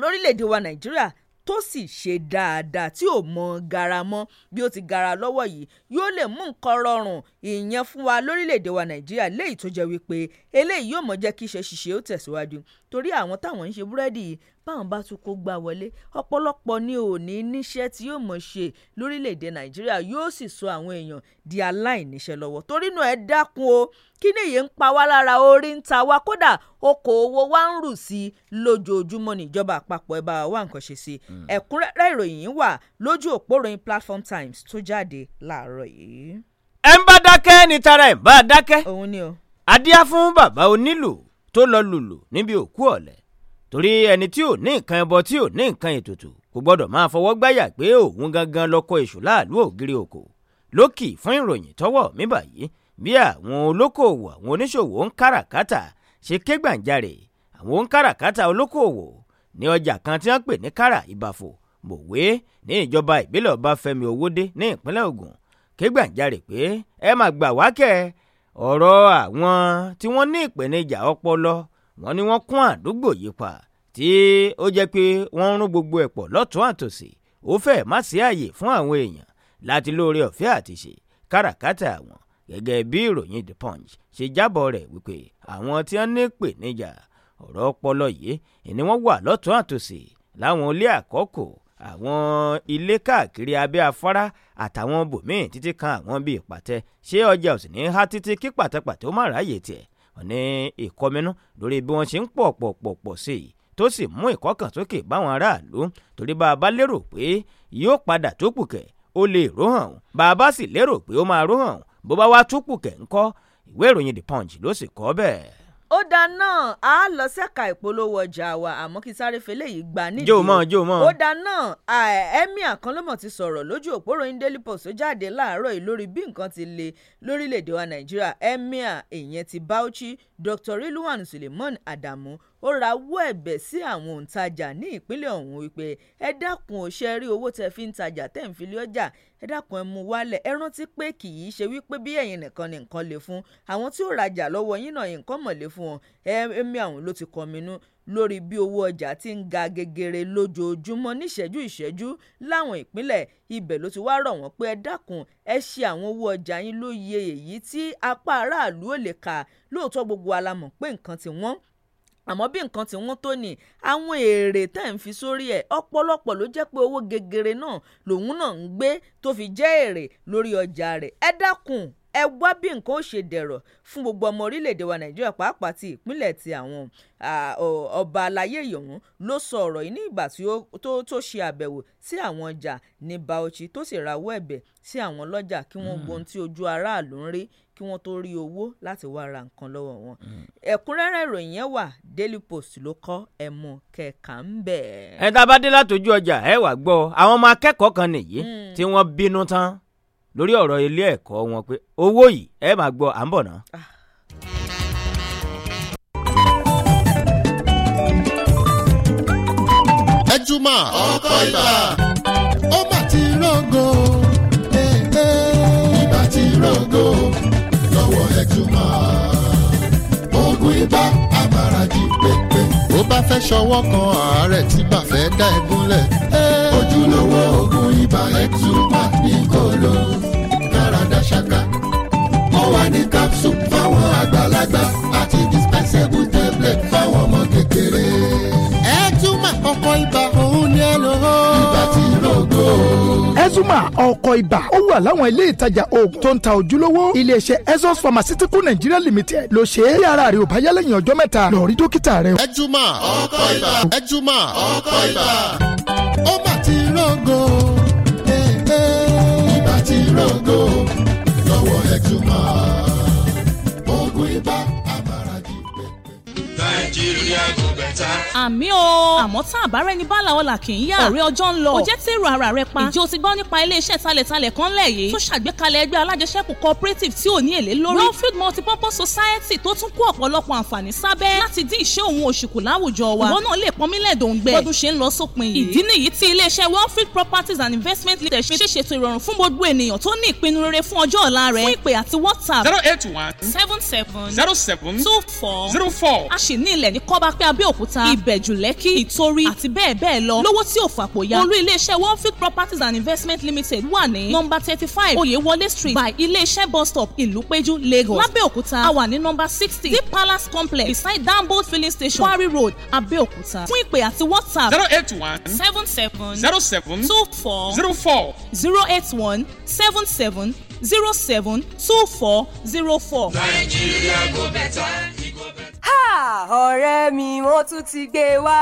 C: lórílẹ̀ tó sì ṣe dáadáa tí ò mọ gara mọ́ bí ó ti gara lọ́wọ́ yìí yóò lè mú nǹkan rọrùn ìyẹn fún wa lórílẹ̀‐èdè wa nàìjíríà léyìí tó jẹ́ wípé eléyìí yóò mọ̀ jẹ́ kí iṣẹ́ ṣíṣe ó tẹ̀síwájú torí àwọn táwọn ń ṣe búrẹ́dì yìí báwọn bá tún kó gbà wọlé ọ̀pọ̀lọpọ̀ ni ò ní níṣẹ́ tí yóò mọ̀ ṣe lórílẹ̀‐èdè nàìjíríà yóò sì sọ àwọn èèyàn di aláìníṣẹ́ lọ́wọ́ torí náà ẹ dákun o kí ni èyí ń pa wá lára orí ń ta wá kódà okòòwò wa ń rù sí i lójoojúmọ́ níjọba àpapọ̀ ẹ bá wa nǹkan ṣe sí i hmm. ẹ̀kúnrẹ́rẹ́ ìròyìn yìí wà lójú òpó ìròyìn platform times tó jáde láàárọ̀ yìí.
D: ẹ ń bá dákẹ́ ní tara ẹ̀ bá dákẹ́. òun ni o. adíá fún bàbá onílù tó lọ lùlù níbi òkú ọ̀lẹ̀ torí ẹni tí ò ní nǹkan ẹbọ tí ò ní nǹkan ètùtù kò gbọ́dọ̀ máa fọwọ́ gbáyà pé òun gangan lọ́kọ èṣù láàlú ògiri òkò lókì fún ìròyìn tọ́wọ́ mi báyìí bí àwọn olókoòwò àwọn oníṣòwò ń káràkátà ṣe ké gbàǹjarè àwọn ń káràkátà olókoòwò ní ọjà kan tí wọ́n pè ní kárà ìbàfò mòwe ní ìjọba ìbílẹ̀ ọbáfẹ́mi owódé ní ìpínlẹ̀ Ògùn ké gbàǹjarè pé ẹ máa gbà wákẹ́ ọ̀rọ̀ àwọn tí wọ́n ní ìpèníjà ọpọlọ wọ́n ní wọ́n kún àdúgbò yìí pa tí ó jẹ́ pé wọ́n ń rún gbogbo ẹ̀ pọ̀ lọ́tún àtòsí ó fẹ́ má sí àyè fún àwọn èèyàn láti lóore ọ̀fẹ́ àti ṣe káràkátà àwọn gẹ́gẹ́ bí ìròyìn The Punch ṣe jábọ̀ rẹ̀ wípé àwọn tí wọ́n ní ìpèníjà ọ̀rọ̀ ọpọlọ yìí ni wọ́n wà lọ́tún àtòsí láwọn ilé àkọ́kọ́ àwọn ilé káàkiri abẹ́ afárá àtàwọn bòmíì títí kan àwọn bíi pàtẹ ṣé ọjà ò sì ní há títí kí pàtẹ́pàtẹ́ ó má ráàyè tiẹ̀ wọ́n ní ìkọminú lórí bí wọ́n ṣe ń pọ̀ pọ̀ pọ̀ pọ̀ sí i tó sì mú ìkọ́kànsókè báwọn aráàlú torí bá a bá lérò pé yóò padà tó pùkẹ̀ ó lè róhàn bá a bá sì lérò pé ó máa róhàn bó bá wá tó pùkẹ̀ ńkọ́ ìwé ìròyìn The Punch ló sì kọ bẹ́ẹ̀
C: ó dáa a lọ ṣẹ́ka ìpolówó ọjà wa àmọ́ kí sáré fẹlẹ́ yìí gbà nídìí jòmọ́ jòmọ́ ó dáa náà emir kanlọ́mọ̀ ti sọ̀rọ̀ lójú òpó ròyìn daily post jáde láàárọ̀ yìí lórí bí nǹkan ti le lórílẹ̀‐èdè wa nàìjíríà emir ìyẹn ti bauchi dr rilwan suleiman adamu ó rawọ́ ẹ̀bẹ̀ sí àwọn òǹtajà ní ìpínlẹ̀ ọ̀hún wípé ẹ dákun òṣèré owó tẹ fi ń tajà tẹ̀ ń filé ọjà ẹ dákun ẹ mú wálẹ̀ ẹ rántí pé kì í ṣe wípé bí ẹ̀yin nìkan ni nǹkan lè fún àwọn tí ó rajà lọ́wọ́ yín náà nǹkan mọ̀ lè fún wọn ẹ̀mí àwọn ló ti kọminú lórí bí owó ọjà ti ń ga gegere lójoojúmọ́ níṣẹ́jú ìṣẹ́jú láwọn ìpínlẹ̀ ibẹ̀ ló ti wá rọ̀ wọ́n pé ẹ dákun ẹ ṣe àwọn owó ọjà yín lóye èyí tí apá aráàlú ò lè kà lóòótọ́ gbogbo alamọ̀ pé nǹkan ti wọ́n àmọ́ bí nǹkan tí wọ́n tó ní àwọn èrè tẹ̀ ń fi sórí ẹ̀ ọ̀pọ̀lọpọ̀ ló jẹ́ pé owó gegere náà lòun náà ń gbé tó fi jẹ́ èrè lórí ọjà rẹ̀ ẹ dákun ẹ wá bí nǹkan ó ṣe dẹ̀rọ̀ fún gbogbo ọmọ orílẹ̀-èdè wa nàìjíríà pàápàá ti ìpínlẹ̀ ti àwọn ọba aláyé yòówùn ló sọ ọ̀rọ̀ yìí ní ìgbà tó ṣe àbẹ̀wò sí àwọn ọjà ní Bauchi tó sì rawọ́ ẹ̀bẹ̀ sí àwọn lọ́jà kí wọ́n gbóhun hmm. tí ojú aráàlú ń rí kí wọ́n tó rí owó láti wá ra nǹkan lọ́wọ́ wọn. Hmm. ẹ̀kúnrẹ́rẹ́ ìròyìn yẹn wà Daily Post ló kọ́ ẹ mú kẹ̀kà ń bẹ̀.
D: ẹ tá a bá dé látòjú ọjà ẹ wá gbọ́ àwọn ọmọ akẹ́kọ̀ọ́ kan nìyí hmm. tí wọ́n bínú tán lórí ọ̀rọ̀ ilé ẹ̀kọ́ wọn pé owó yìí ẹ máa gbọ́ à ń bọ̀ náà. Ah.
E: ẹjúmọ́ ọkọ ibà ó bá ti rògo ibà ti rògo lọ́wọ́ ẹjúmọ́ oògùn ibà amáradì pépé. ó bá fẹ́ ṣọwọ́ kan àárẹ̀ tí bá dá ẹ gúnlẹ̀ ojúlówó oògùn ibà exupat ní kòló kárádá ṣáká ó wà ní capsule fáwọn àgbàlagbà àti dispensable tablet fáwọn ọmọ kékeré. ẹ tún mà kọ́kọ́ ibà ezuma ọkọ̀
G: ibà ó wà láwọn ilé ìtajà oògùn tó ń ta ojúlówó iléeṣẹ́ ezos pharmaceutical nigeria limited ló ṣe é bí ara rẹ ò bá yá lẹ́yìn ọjọ́ mẹ́ta lọ rí dókítà rẹ.
E: ezuma ọkọ̀ ibà ezuma ọkọ̀ ibà ó bá ti rògo eh, eh. ibà ti rògo lọ́wọ́
I: ezuma oògùn ibà abàràjì pẹ̀pẹ̀. nàìjíríà kẹta. àmì o àmọ́ tá àbára ẹni bá làwọn là kì í yá. ọ̀rẹ́ ọjọ́ ń lọ. o jẹ́ tí èrò ara rẹ pa. ìjọ ti gbọ́ nípa iléeṣẹ́ talẹ̀talẹ̀ kan lẹ̀ yìí. tó ṣàgbékalẹ̀ ẹgbẹ́ alájẹsẹ́kù cooperative tí ò ní èlé lórí. Brownfield multipurpose society tó tún kó ọ̀pọ̀lọpọ̀ àǹfààní sábẹ́. láti dín iṣẹ́ òun òṣìkù láwùjọ wa. ìwọ náà lè pọnmi lẹ́ẹ̀dọ̀ǹgbẹ. bọ́dún ṣe ń lọ sópin yìí. ìdí nìyí tí iléeṣẹ́ Brownfield properties and investment leadership ṣe ṣètò ìrọ̀rùn fún gbogbo ènìyàn tó ní ìpinnu rere fún ọjọ́ ọ̀la rẹ̀. fún ìpè àti WhatsApp. zero eight one. seven seven. zero seven. two four. zero four. a sì ní ilẹ̀ ní kọ́bápẹ́ Abẹ́òkúta abẹ́òkúta ìbẹ̀jú lẹ́kì ìtorí àti bẹ́ẹ̀ bẹ́ẹ̀ lọ lówó tí ò fàpò ya olú iléeṣẹ́ wonfit properties and investment limited wà ní nọmba thirty five oyewole street by iléeṣẹ́ bus stop ìlúpéjú lagos lábẹ́òkúta a wà ní nọmba sixty deep palace complex beside danbolt filling station quarry road abẹ́òkúta fún ìpè àti whatsapp zero eight one seven seven zero seven two four zero four zero eight one seven seven zero seven two four zero four. nàìjíríà
J: kò bẹ̀tẹ̀
I: ọ̀rẹ́ mi wọ́n tún ti gbé wá.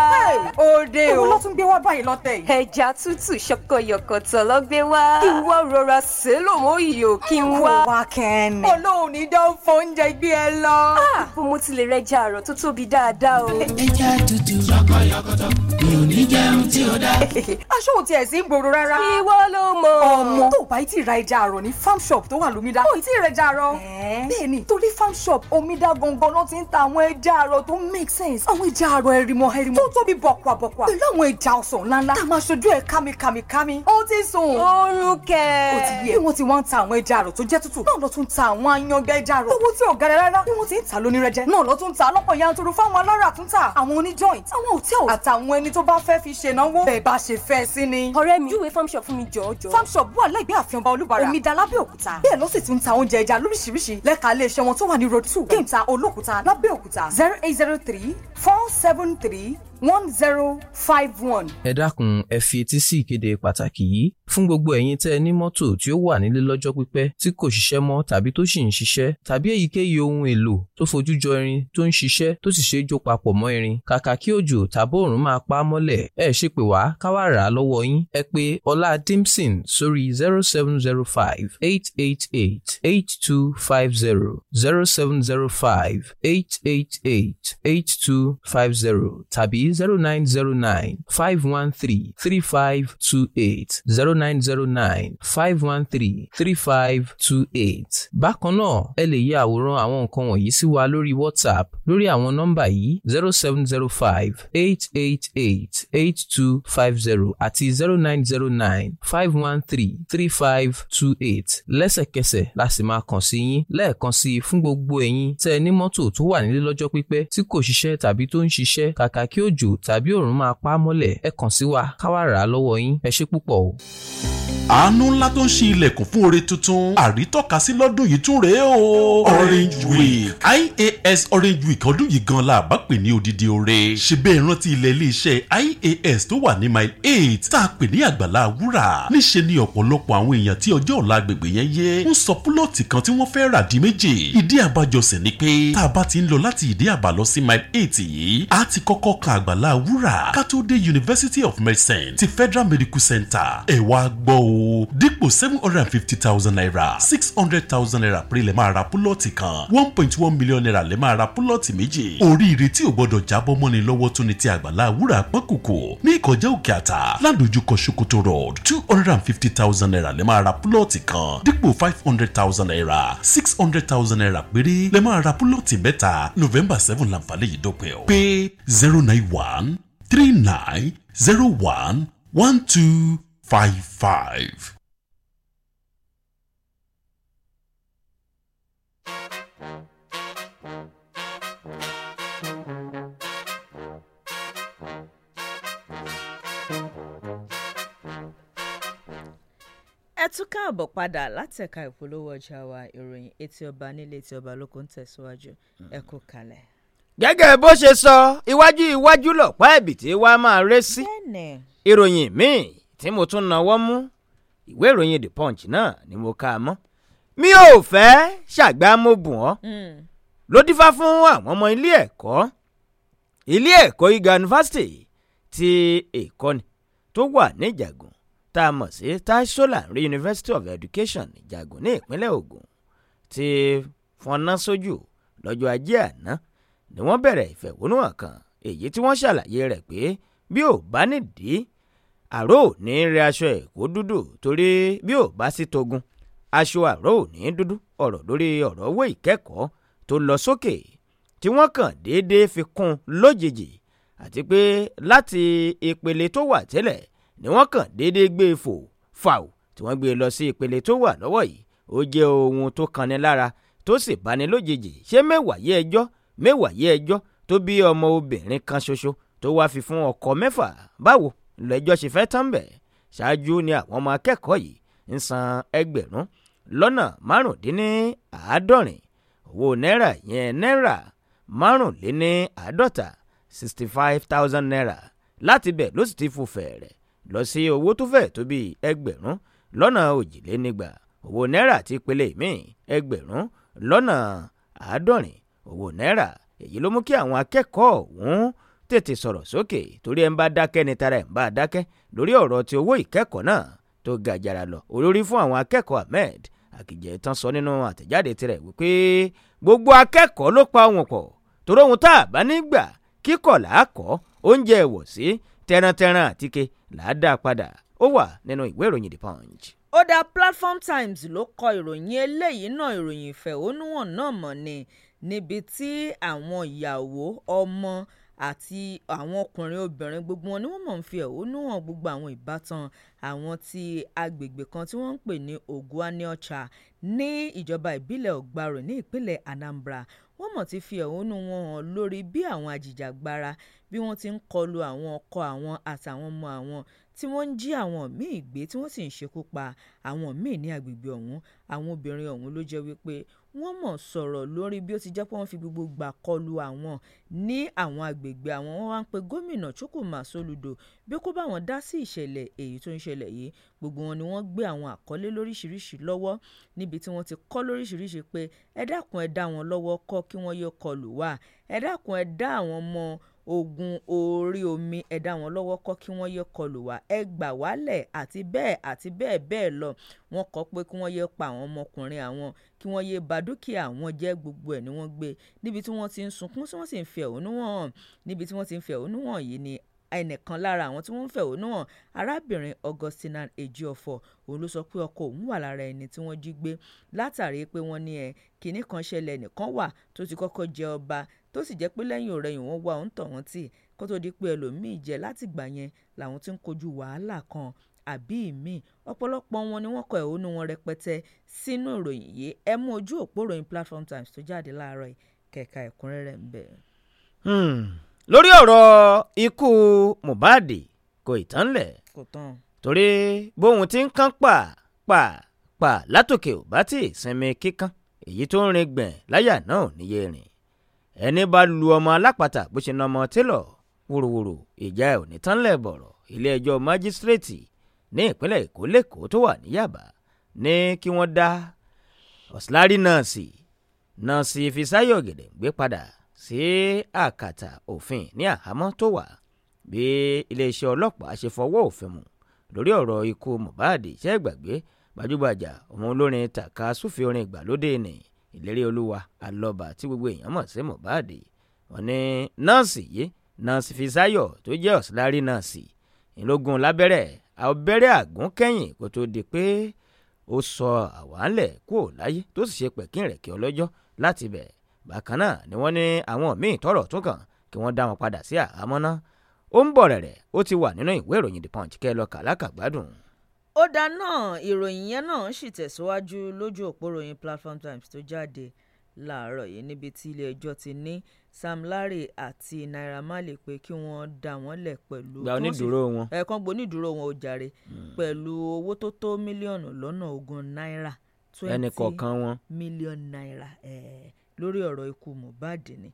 I: òde o èwo ló tún gbé wá báyìí lọ́tẹ̀ yìí. ẹja tútù ṣọkọyọkọtọ ló gbé wá. kí wọ́n rọra ṣe lòmó ìyò kí n wá. kò wá kẹ́ni. olóhùn ní dán fóúnjẹ gbé ẹ lọ. bó ah! mo ti lè rẹja àrọ̀ tó tóbi dáadáa o. ẹja tútù ṣọkọyọkọtọ mi ò ní jẹun tí ó dá. aṣọ òtí ẹ̀ sí ń gbòòrò rárá. ìwọ ló mọ. ọmọ tó bá ti ra ẹja àrọ̀ ní farm shop tó wà lómìdá. ó ì tí ì farm shop omidá gangan ló ti ń ta ẹja àrọ̀ tó make sense àwọn ẹja àrọ̀ ẹ̀rìmọ̀ ẹ̀rìmọ̀ tó tóbi bọ̀kùàbọ̀kùà pẹ̀lú àwọn ẹja ọsàn ńláńlá tá a máa ṣojú ẹ̀ kámikámikámi ó ti sùn. olùkẹ́. ó ti yé bí wọ́n ti wá ń ta àwọn ẹja àrọ̀ tó jẹ́ tútù náà ló tún ta àwọn ayanga ẹja àrọ̀ owó tí ò gara rárá bí wọ́n ti ń ta lónírẹ́jẹ náà ló tún ta lọ́pọ̀ yanturu fáwọn alára tún ta àwọn oní joint àwọn hòtẹ́ẹ̀lì àtàwọn ẹni tó bá fẹ́ fi ṣe náwó bẹ́ẹ̀ bá ṣe fẹ́ sí ni. ọ̀rẹ́ mi júwe farm shop fún mi jọ̀ọ́jọ́. farm shop wà lẹ́gbẹ̀ẹ́ àfihàn bá olúbara omidalábẹ́òkúta bẹ́ẹ̀ ló sì tún ta oúnjẹ ẹja lóríṣiríṣi lẹ́ka iléeṣẹ́ wọn tó wà ní road two kéńtà olókùúta lábẹ́òkúta 0803473 one zero five one.
K: ẹ dákun ẹ fi etí sí ìkéde pàtàkì yìí fún gbogbo ẹ̀yin tẹ́ ẹ ní mọ́tò tí ó wà nílé lọ́jọ́ pípẹ́ tí kò ṣiṣẹ́ mọ́ tàbí tó sì ń ṣiṣẹ́ tàbí èyíkéyìí ohun èlò tó fojú jọ irin tó ń ṣiṣẹ́ tó sì ṣe é jó papọ̀ mọ́ irin kàkà kí òjò tàbí òòrùn máa pa á mọ́lẹ̀ ẹ ṣe pé wá ká rà á lọ́wọ́ yín ẹ pè ọlá dimson sórí zero seven zero five eight eight eight eight two five zero zero seven zero five eight eight eight eight two five zero tàbí zero nine zero nine five one three three five two eight zero nine zero nine five one three three five two eight. bákan náà ẹ lè ya àwòrán àwọn nǹkan wọ̀nyí sí wa lórí WhatsApp lórí àwọn nọ́mbà yìí zero seven zero five eight eight eight eight two five zero àti zero nine zero nine five one three three five two eight lẹ́sẹ̀kẹsẹ̀ la sì máa kàn sí yín lẹ́ẹ̀kan sí i fún gbogbo ẹ̀yin tẹ́ ẹ ní mọ́tò tó wà nílé lọ́jọ́ pípẹ́ tí kò ṣiṣẹ́ tàbí tó ń ṣiṣẹ́ kàkà kí ó jù tàbí òòrùn máa pa á mọ́lẹ̀ ẹ kàn sí wa ká wá rà á lọ́wọ́ yín ẹ ṣé púpọ̀ o. àánú ńlá tó ń ṣí
H: ilẹ̀kùn fún oore tuntun àrítọ́ka sí lọ́dún yìí tún rèé o. orange week ias orange week ọdún yìí gan la bá pè ní odidi oore ṣe bẹ́ẹ̀ ilẹ̀ iléeṣẹ́ ias tó wà ní mile eight tá a pè ní àgbàlá wúrà níṣe ni ọ̀pọ̀lọpọ̀ àwọn èèyàn tí ọjọ́ ọ̀la agbègbè yẹn yé ń sọ púlọ̀tì kan tí wọ́n fẹ́ rà di méjì ìdí àbájọsẹ̀ ni pé tá a bá ti ń lọ láti ìdí àbá lọ sí mile eight àgbàlá wúrà kátó university of medicine ti federal medical center ẹ wá gbọ́ o dípò seven hundred and fifty thousand naira six hundred thousand naira péré lè máa ra púlọ̀tì kan one point one million naira lè máa ra púlọ̀tì méjì oríire tí ò gbọ́dọ̀ jábọ́ mọ́ni lọ́wọ́ tó ní ti àgbàlá wúrà pọ́nkòkò ní ìkọjá òkè àtà ládojúkọ sokoto road two hundred and fifty thousand naira lè máa ra púlọ̀tì kan dípò five hundred thousand naira six hundred thousand naira péré lè máa ra púlọ̀tì mẹ́ta november seven làǹfààní yìí dópin o pé zero nine one. One 39 01 1255.
I: ẹ tún
C: káàbọ̀ padà látẹ̀ka ìpolówó ọjà wa ìròyìn etí ọba nílé etí ọba lóko ń tẹ̀síwájú ẹ kalẹ̀
D: gẹ́gẹ́ bó ṣe sọ iwájú iwájú lọ̀pá ẹ̀bìtì wa máa ré sí ìròyìn míì tí mo tún nawọ́ mú ìwé ìròyìn the punch náà ni mo kà á mọ́ mi ò fẹ́ ṣàgbámobùn ọ́ hmm. ló dífá fún àwọn ọmọ ilé ẹ̀kọ́ ilé ẹ̀kọ́ ìga yunifásitì ti èkó ni tó wà ní ìjàgùn tá a mọ̀ sí taisolari University of Education ìjàgùn ní ìpínlẹ̀ Ògùn ti fọnná sójú lọ́jọ́ ajé àná. Mm ni wọ́n bẹ̀rẹ̀ ìfẹ̀hónúhàn kan èyí tí wọ́n ṣàlàyé rẹ̀ pé bí ò bá nídìí àrò ò ní rẹ aṣọ ẹ̀kú dúdú torí bí ò bá sí togun aṣọ àrò ò ní dúdú ọ̀rọ̀ lórí ọ̀rọ̀ owó ìkẹ́kọ̀ọ́ tó lọ sókè tí wọ́n kàn déédéé fi kún lójijì àti pé láti ìpele tó wà tẹ́lẹ̀ ni wọ́n kàn déédéé gbé e fò fàù tí wọ́n gbé e lọ sí ìpele tó wà lọ́wọ́ yìí ó jẹ́ ohun tó kanni lára tó sì bani lójijì ṣé mẹ́wàá yé ẹjọ́ mẹ́wàáyé ẹjọ́ tó bí ọmọ obìnrin kan ṣoṣo tó wáá fi fún ọkọ mẹ́fà báwo lẹ́jọ́ ṣe fẹ́ tán bẹ̀ ṣáájú ni àwọn ọmọ akẹ́kọ̀ọ́ yìí ń san ẹgbẹ̀rún lọ́nà márùndínláàádọ́rin owó náírà yẹn náírà márùnléníàádọ́ta sixty five thousand naira láti bẹ̀ ló sì ti fò fẹ̀rẹ̀ lọ sí owó tó fẹ̀ tó bí ẹgbẹ̀rún lọ́nà òjìlénígba owó náírà ti pele míì ẹgbẹ̀rún lọ́nà àádọ́rin owó náírà èyí ló mú kí àwọn akẹ́kọ̀ọ́ ọ̀hún tètè sọ̀rọ̀ sókè torí ẹ̀ ń bá dákẹ́ ni tara ẹ̀ ń bá dákẹ́ lórí ọ̀rọ̀ ti owó ìkẹ́kọ̀ọ́ náà tó ga jàrà lọ olórí fún àwọn akẹ́kọ̀ọ́ Ahmed Akíjẹ tán sọ nínú àtẹ̀jáde tirẹ̀ wípé gbogbo akẹ́kọ̀ọ́ ló pa wọn pọ̀ torí ohun tá a bá nígbà kíkọ̀ làákọ̀ oúnjẹ ẹ̀wọ̀ sí tẹrantẹran àtike làádá padà ó wà nínú ìwé ìròyìn The Punch
C: ó dá Platform Times ló kọ ìròyìn eléyìí náà ìròyìn ìfẹ̀hónúhàn náà mọ̀ ni níbi tí àwọn ìyàwó ọmọ àti àwọn ọkùnrin obìnrin gbogbo wọn ni wọ́n mọ̀ ń fi ẹ̀hónú hàn gbogbo àwọn ìbátan àwọn ti agbègbè kan tí wọ́n ń pè ní oguaniọcha ní ìjọba ìbílẹ̀ ọ̀gbarò ní ìpínlẹ̀ anambra wọ́n mọ̀ ti fi ẹ̀hónú wọn hàn lórí bí àwọn ajìjàgbara bí wọ́n ti ń kọlu àwọn ọkọ àwọn àtàwọn ọmọ àwọn tí wọ́n ń jí àwọn míì gbé tí wọ́n sì ń ṣekú pa àwọn míì ní agbègbè ọ̀hún àwọn obìnrin ọ̀hún ló jẹ́ wípé wọ́n mọ̀ sọ̀rọ̀ lórí bí ó ti jẹ́ pé wọ́n fi gbogbo gbà kọlu àwọn ní àwọn agbègbè àwọn wọn wá ń pe gómìnà chukwuma soludo bí kò bá wọn dá sí ìṣẹ̀lẹ̀ èyí tó ń ṣẹlẹ̀ yìí gbogbo wọn ni wọ́n gbé àwọn àkọlé lóríṣiríṣi lọ́wọ́ níbi tí wọ́n ti kọ́ lóríṣiríṣi pé ẹ dákun ẹ dá wọn lọ́wọ́ kọ́ kí wọ́n yọ kọlù wá ẹ dákun ẹ dá àwọn ọmọ ogun orí omi ẹ dá wọn lọ́wọ́ kọ́ kí wọ́n yẹ kọlù wá ẹ gbà wálẹ̀ àti bẹ́ẹ̀ àti bẹ́ẹ̀ bẹ́ẹ̀ lọ wọ́n kọ́ pé kí wọ́n yẹ pa àwọn ọmọkùnrin àwọn kí wọ́n yé ba dúkìá àwọn jẹ́ gbogbo ẹ̀ ni wọ́n gbé níbi tí wọ́n ti ń sunkún tí wọ́n sì ń fi ẹ̀hónú hàn níbi tí wọ́n ti ń fi ẹ̀hónú hàn yìí ni ẹnìkan lára àwọn tí wọ́n ń fẹ̀hónú hàn arábìnrin augustina ejiofor òun ló sọ pé ọkọ òun wà lára ẹni tí wọ́n jí gbé látàrí pé wọ́n ní ẹ kinní kan ṣẹlẹ̀ nìkan wà tó ti kọ́kọ́ jẹ ọba tó sì jẹ́ pé lẹ́yìn ọ̀rẹyìn wọ́n wá òun tọ̀hún tì kó tó di pé ẹlòmíì jẹ́ látìgbà yẹn làwọn ti ń kojú wàhálà kan àbí ìmíì ọ̀pọ̀lọpọ̀ wọn ni wọ́n kọ ẹ̀hónú wọn rẹpẹtẹ sínú ìròyìn yìí ẹ mú ojú òpó ìròyìn Platform Times tó jáde láàárọ̀ kẹ̀ka ẹ̀kúnrẹ́rẹ́ ń bẹ̀.
D: Hmm. lórí ọ̀rọ̀ ikú Mohbad kò ì torí bóun ti ń kán pa pa pa látòkè ò bá tí ì sinmi kíkan èyí tó ń rin gbẹ̀n láyà náà níye rìn ẹni bá lu ọmọ alápàtà bó ṣe na ọmọ télọ̀ wòròwòrò ìjà ẹ̀ ò ní tán lẹ̀ bọ̀rọ̀ ilé ẹjọ́ májísírèètì ní ìpínlẹ̀ èkó lẹ́kọ̀ọ́ tó wà ní yàbá ní kí wọ́n dá ọ̀sìlárí nọ́ọ̀sì nọ́ọ̀sì fisáyọ̀ gẹ̀dẹ̀ gbé padà sí àkàtà òfin ní àhámọ́ tó wà bí iléeṣẹ́ ọlọ́pàá ṣe fọwọ́ òfin mu lórí ọ̀rọ̀ ikú Mohbad ṣẹ́ gbàgbé gbajúgbajà òun olórin tàka súfì orin ìgbàlódé nìyí ìlérí olúwa alọ́ba tí gbogbo èèyàn mọ̀ sí Mohbad wọ́n ní nọ́ọ̀sì yìí nọ́ọ̀sì Fisáyọ̀ tó jẹ́ ọ̀sìlárí nọ́ọ̀sì ìlógún lábẹ́rẹ́ abẹ́rẹ́ àgún kẹ́yìn kó tó di pé ó sọ àwálẹ̀ kúò láyé tó sì ṣe pẹ̀kínrẹ̀kẹ́ ọlọ́jọ́ láti bẹ̀ bákan náà ni wọ́n ní àwọn míì tọrọ tún kàn kí wọ́n dá wọn padà sí àhámọ́ náà ó ń bọ̀ rẹ̀rẹ̀ ó ti wà nínú ìwé ìròyìn The Punch kẹ́ lọ́ọ́ kà lákàgbádùn
C: ó dáná ìròyìn yẹn náà sì tẹ̀síwájú lójú òpó platform times tó jáde láàárọ̀ yìí níbi tí ilé-ẹjọ́ ti ní sam larry àti naira marley pé kí wọ́n dá wọn lẹ̀ pẹ̀lú gba onídùúró wọn ẹ̀ẹ̀kan gbọ́ onídùúró wọn ò jàre hmm. pẹ̀lú owó tó tó mílíọ̀nù lọ́nà ogún náírà twenty mílíọ̀nù náírà lórí ọ̀rọ̀ ikú mohbad ni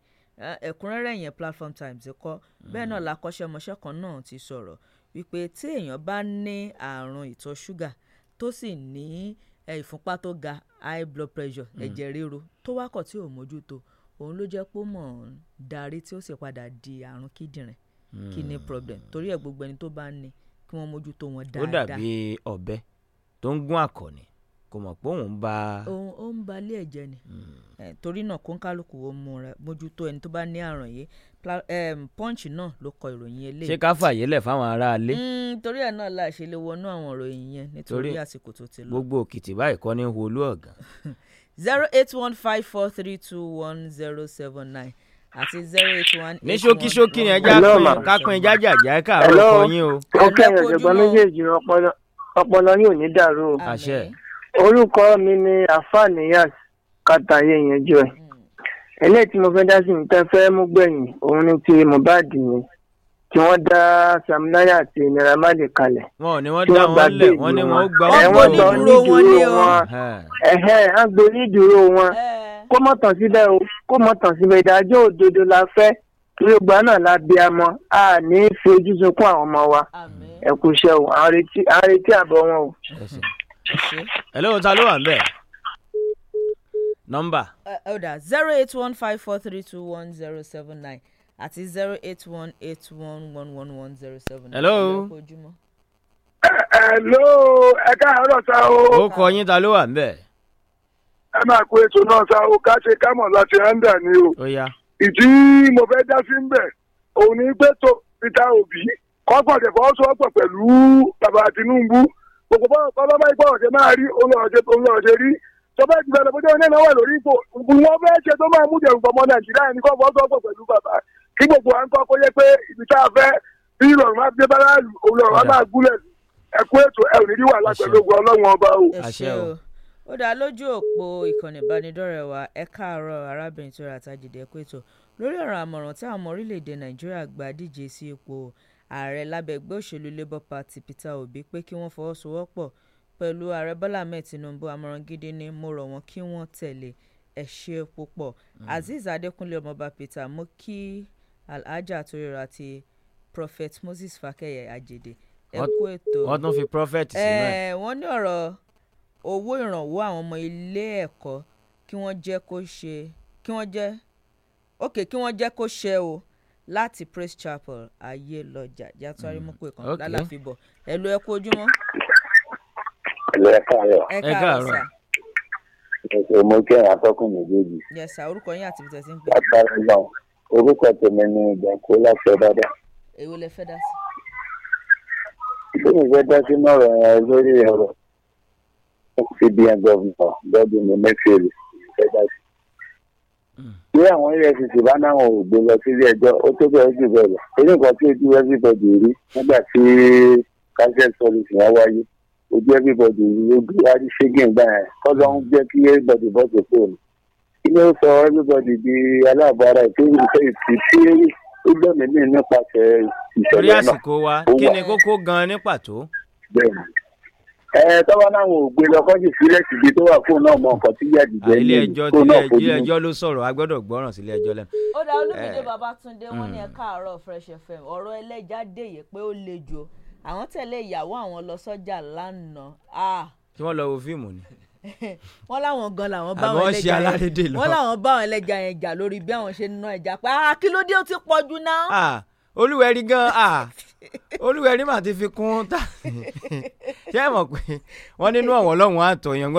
C: ẹ̀kúnrẹ́rẹ́ yẹn platform times kọ́ hmm. bẹ́ẹ̀ náà làkọ́ṣẹ́mọṣẹ́ kan náà ti sọ̀rọ̀ wípé tí èèyàn bá ní àrùn ìtọ̀ ṣúgà tó sì ní ìfúnpá tó ga high blood pressure hmm. ẹ̀jẹ̀ ríru tó wákọ̀ tí ò mójútó òun ló jẹ́ pé ó mọ̀ ń darí tí ó sì padà di àrùn kíndìnrín kidney hmm. problem torí ẹ̀ gbogbo ẹni tó bá ní kí wọ́n mójútó wọn dáadáa. ó dàbí
D: ọ̀bẹ tó ń gún àkọ̀ní kò mọ̀ pé òun ba.
C: òun ó ń ba ilé ẹ̀jẹ̀ ni hmm. torí náà kó ń kálukú wo mójútó ẹni tó bá ní àrùn yìí punch náà ló kọ ìròyìn eléyìí. ṣé ká fàyè
D: lẹ̀ fáwọn aráalé. Hmm,
C: torí ẹ̀ náà la ṣe lè wọnú àwọn ìròyìn yẹn nítorí àsìkò tó ti lọ.
D: gbogbo òkìtì báyìí kọ́ ní holú ọ̀gán.
C: zero eight one five four three two one zero seven nine àti zero eight one eight one. ní ṣókíṣókí
D: yẹn já pin kápin jájàjá káàárọ̀ kọ́ yín o. ọpọlọ yóò ní dàrú orúkọ mi ni afaniyas kataye yanjú ẹ mm. eléyìí tí mo fẹ́ dá sí mi fẹ́ mú gbẹ̀yìn òun ti Mohbad yẹn tí wọ́n dá Sam àti Naira kalẹ̀ tí wọ́n gbà gbé wọn ẹ̀wọ̀n wọn ẹ̀hẹ́n á gbé wọn kó mọ̀ tàn síbẹ̀ o kó mọ̀ tàn síbẹ̀ ìdájọ́ òdodo la fẹ́ torí la bí a mọ a ní fi ojú sunkún ọmọ wa ẹ kú wọn o. hello ta ló wà ń bẹ̀ nọ́mbà.
C: ọ̀dà zero eight one
D: o. kọ yín ta ló wà ń bẹ̀. ẹ máa kó ètò náà o ká ṣe kámọ̀ láti ni o. ó yá.
F: ìdí mo fẹ́ dá sí ń bẹ̀ òun ní Obi kọ́pọ̀ tẹ̀fọ́ ọpọ pẹ̀lú bàbá Tinubu. gbogbo bọ́ọ̀ kọ́ bá báyìí bọ́ọ̀ ṣe máa rí olóòṣè rí tọ́bẹ̀ jù bẹ́ẹ̀ lọ́bọ̀dé oní ìnáwó lórí ipò wọn fẹ́ ṣe tó máa mú jẹ̀rù gbọmọ nàìjíríà ẹni kọ́ fọ́ọ́ sọ́kọ̀ pẹ̀lú bàbá kí gbogbo à ń kọ́ kó yẹ pé ibi tá a fẹ́ bí ìrọ̀rùn máa dé bára olùrọ̀ wa máa gúnlẹ̀ ẹ̀kú ètò ẹ̀ ò ní rí ọlọ́run ọba o.
C: ó dá lójú òpó ìkànnì ìbánidọ́rẹ̀ẹ́ ẹ káàárọ̀ arábìnrin tó lórí ọ̀rọ̀ àmọ̀ràn tí àwọn ọmọ orílẹ̀-èdè nàìjíríà gba díje sí ipò ààrẹ lábẹ́ ẹgbẹ́ òṣèlú labour party peter obi pé kí wọ́n fọwọ́sowọ́pọ̀ pẹ̀lú ààrẹ bọ́lá ahmed tinubu àmọ̀ràn gidi ni mo rọ̀ wọ́n kí wọ́n tẹ̀lé ẹ̀ ṣe púpọ̀ mm-hmm. azeez adékúnlé ọmọọba peter mo kí alhaja àtòrèrò àti prophet moses fakeye ajede ẹ kú ètò wọn tún fi prophet sínú ẹ wọn ní ọ̀rọ̀ owó ìrànwọ́ àwọn ọmọ ilé ẹ̀kọ́ kí wọ́n jẹ́ kó ṣe kí wọ́n jẹ́ ókè kí wọ́n jẹ́ kó ṣe o. Okay, láti Praise Chapel ayélọjà yàtúwárí hmm. mú pé kan lálàfíbọ̀ ẹ lo ẹ kú ojúmọ́.
J: ẹ̀lú ẹ káàárọ̀. ẹ káàárọ̀
E: sà. ẹ̀sẹ̀ mo kẹ́ àtọ́kùn méjèèjì.
C: yẹ̀sà orúkọ yín àti bìtẹ̀ sí ń pè. látara
E: náà orúkọ tèmi ni ìgbàkó láti ẹ dáadáa.
C: èwo lẹ fẹ́ dá sí.
E: bí mi fẹ́ dá sí náà rẹ̀ ẹ lórí ọ̀rọ̀ fdn gọ́vnà Godwin Emefiele fẹ́ dá sí pé àwọn efcc bá náwọn ò gbé lọ sílé ẹjọ́ ó tó bẹ́ẹ̀ jù bẹ́ẹ̀ lọ torí nǹkan tí ojú everybody rí nígbà tí cancel policy wọn wáyé ojú everybody rí ojú wájú ṣégin
J: gbà
F: yẹn kọ́lọ́ ń jẹ́ kí everybody bọ́ sí fóònù kí ló sọ everybody di aláàbára ìpínlẹ̀ èkìtì tí ó gbẹ̀mí ní nípasẹ̀ ìṣẹ̀lẹ̀ náà. torí àsìkò
D: wa kí ni kókó gan-an ní pàtó. bẹ́ẹ̀ ẹ tọ́wọ́
F: náà wọn ò gbé lọ kọ́jú sílẹ̀
D: síbi tó wà fóònù náà
H: mọ nǹkan tí yẹ dìde ní fóònù náà fojú. ilé ẹjọ́
D: ló sọ̀rọ̀ a gbọ́dọ̀ gbọ́ràn sílé ẹjọ́ lẹ́nu. ó dá olùmídé
C: babatunde wọn ní hmm. ẹ káàárọ̀ fresh fm ọ̀rọ̀ ẹlẹ́jà dèyẹ pé ó le jù àwọn tẹ̀lé ìyàwó àwọn lọ sọ́jà lánàá.
D: kí wọ́n lọ wo fíìmù ni
C: wọn láwọn gan làwọn bá wọn ẹlẹja yẹn wọn láwọn bá wọn ẹlẹja yẹn jà lórí bí àwọn ṣe ń ná ẹja pé ah, kí ó ti pọ̀ jù náà
D: olúwẹ̀rí gan ah olúwẹ̀rí mà ti fi kún tá ṣé ẹ mọ̀ pé wọ́n nínú ọ̀wọ́ lọ́hùn-ún àtọ̀yàn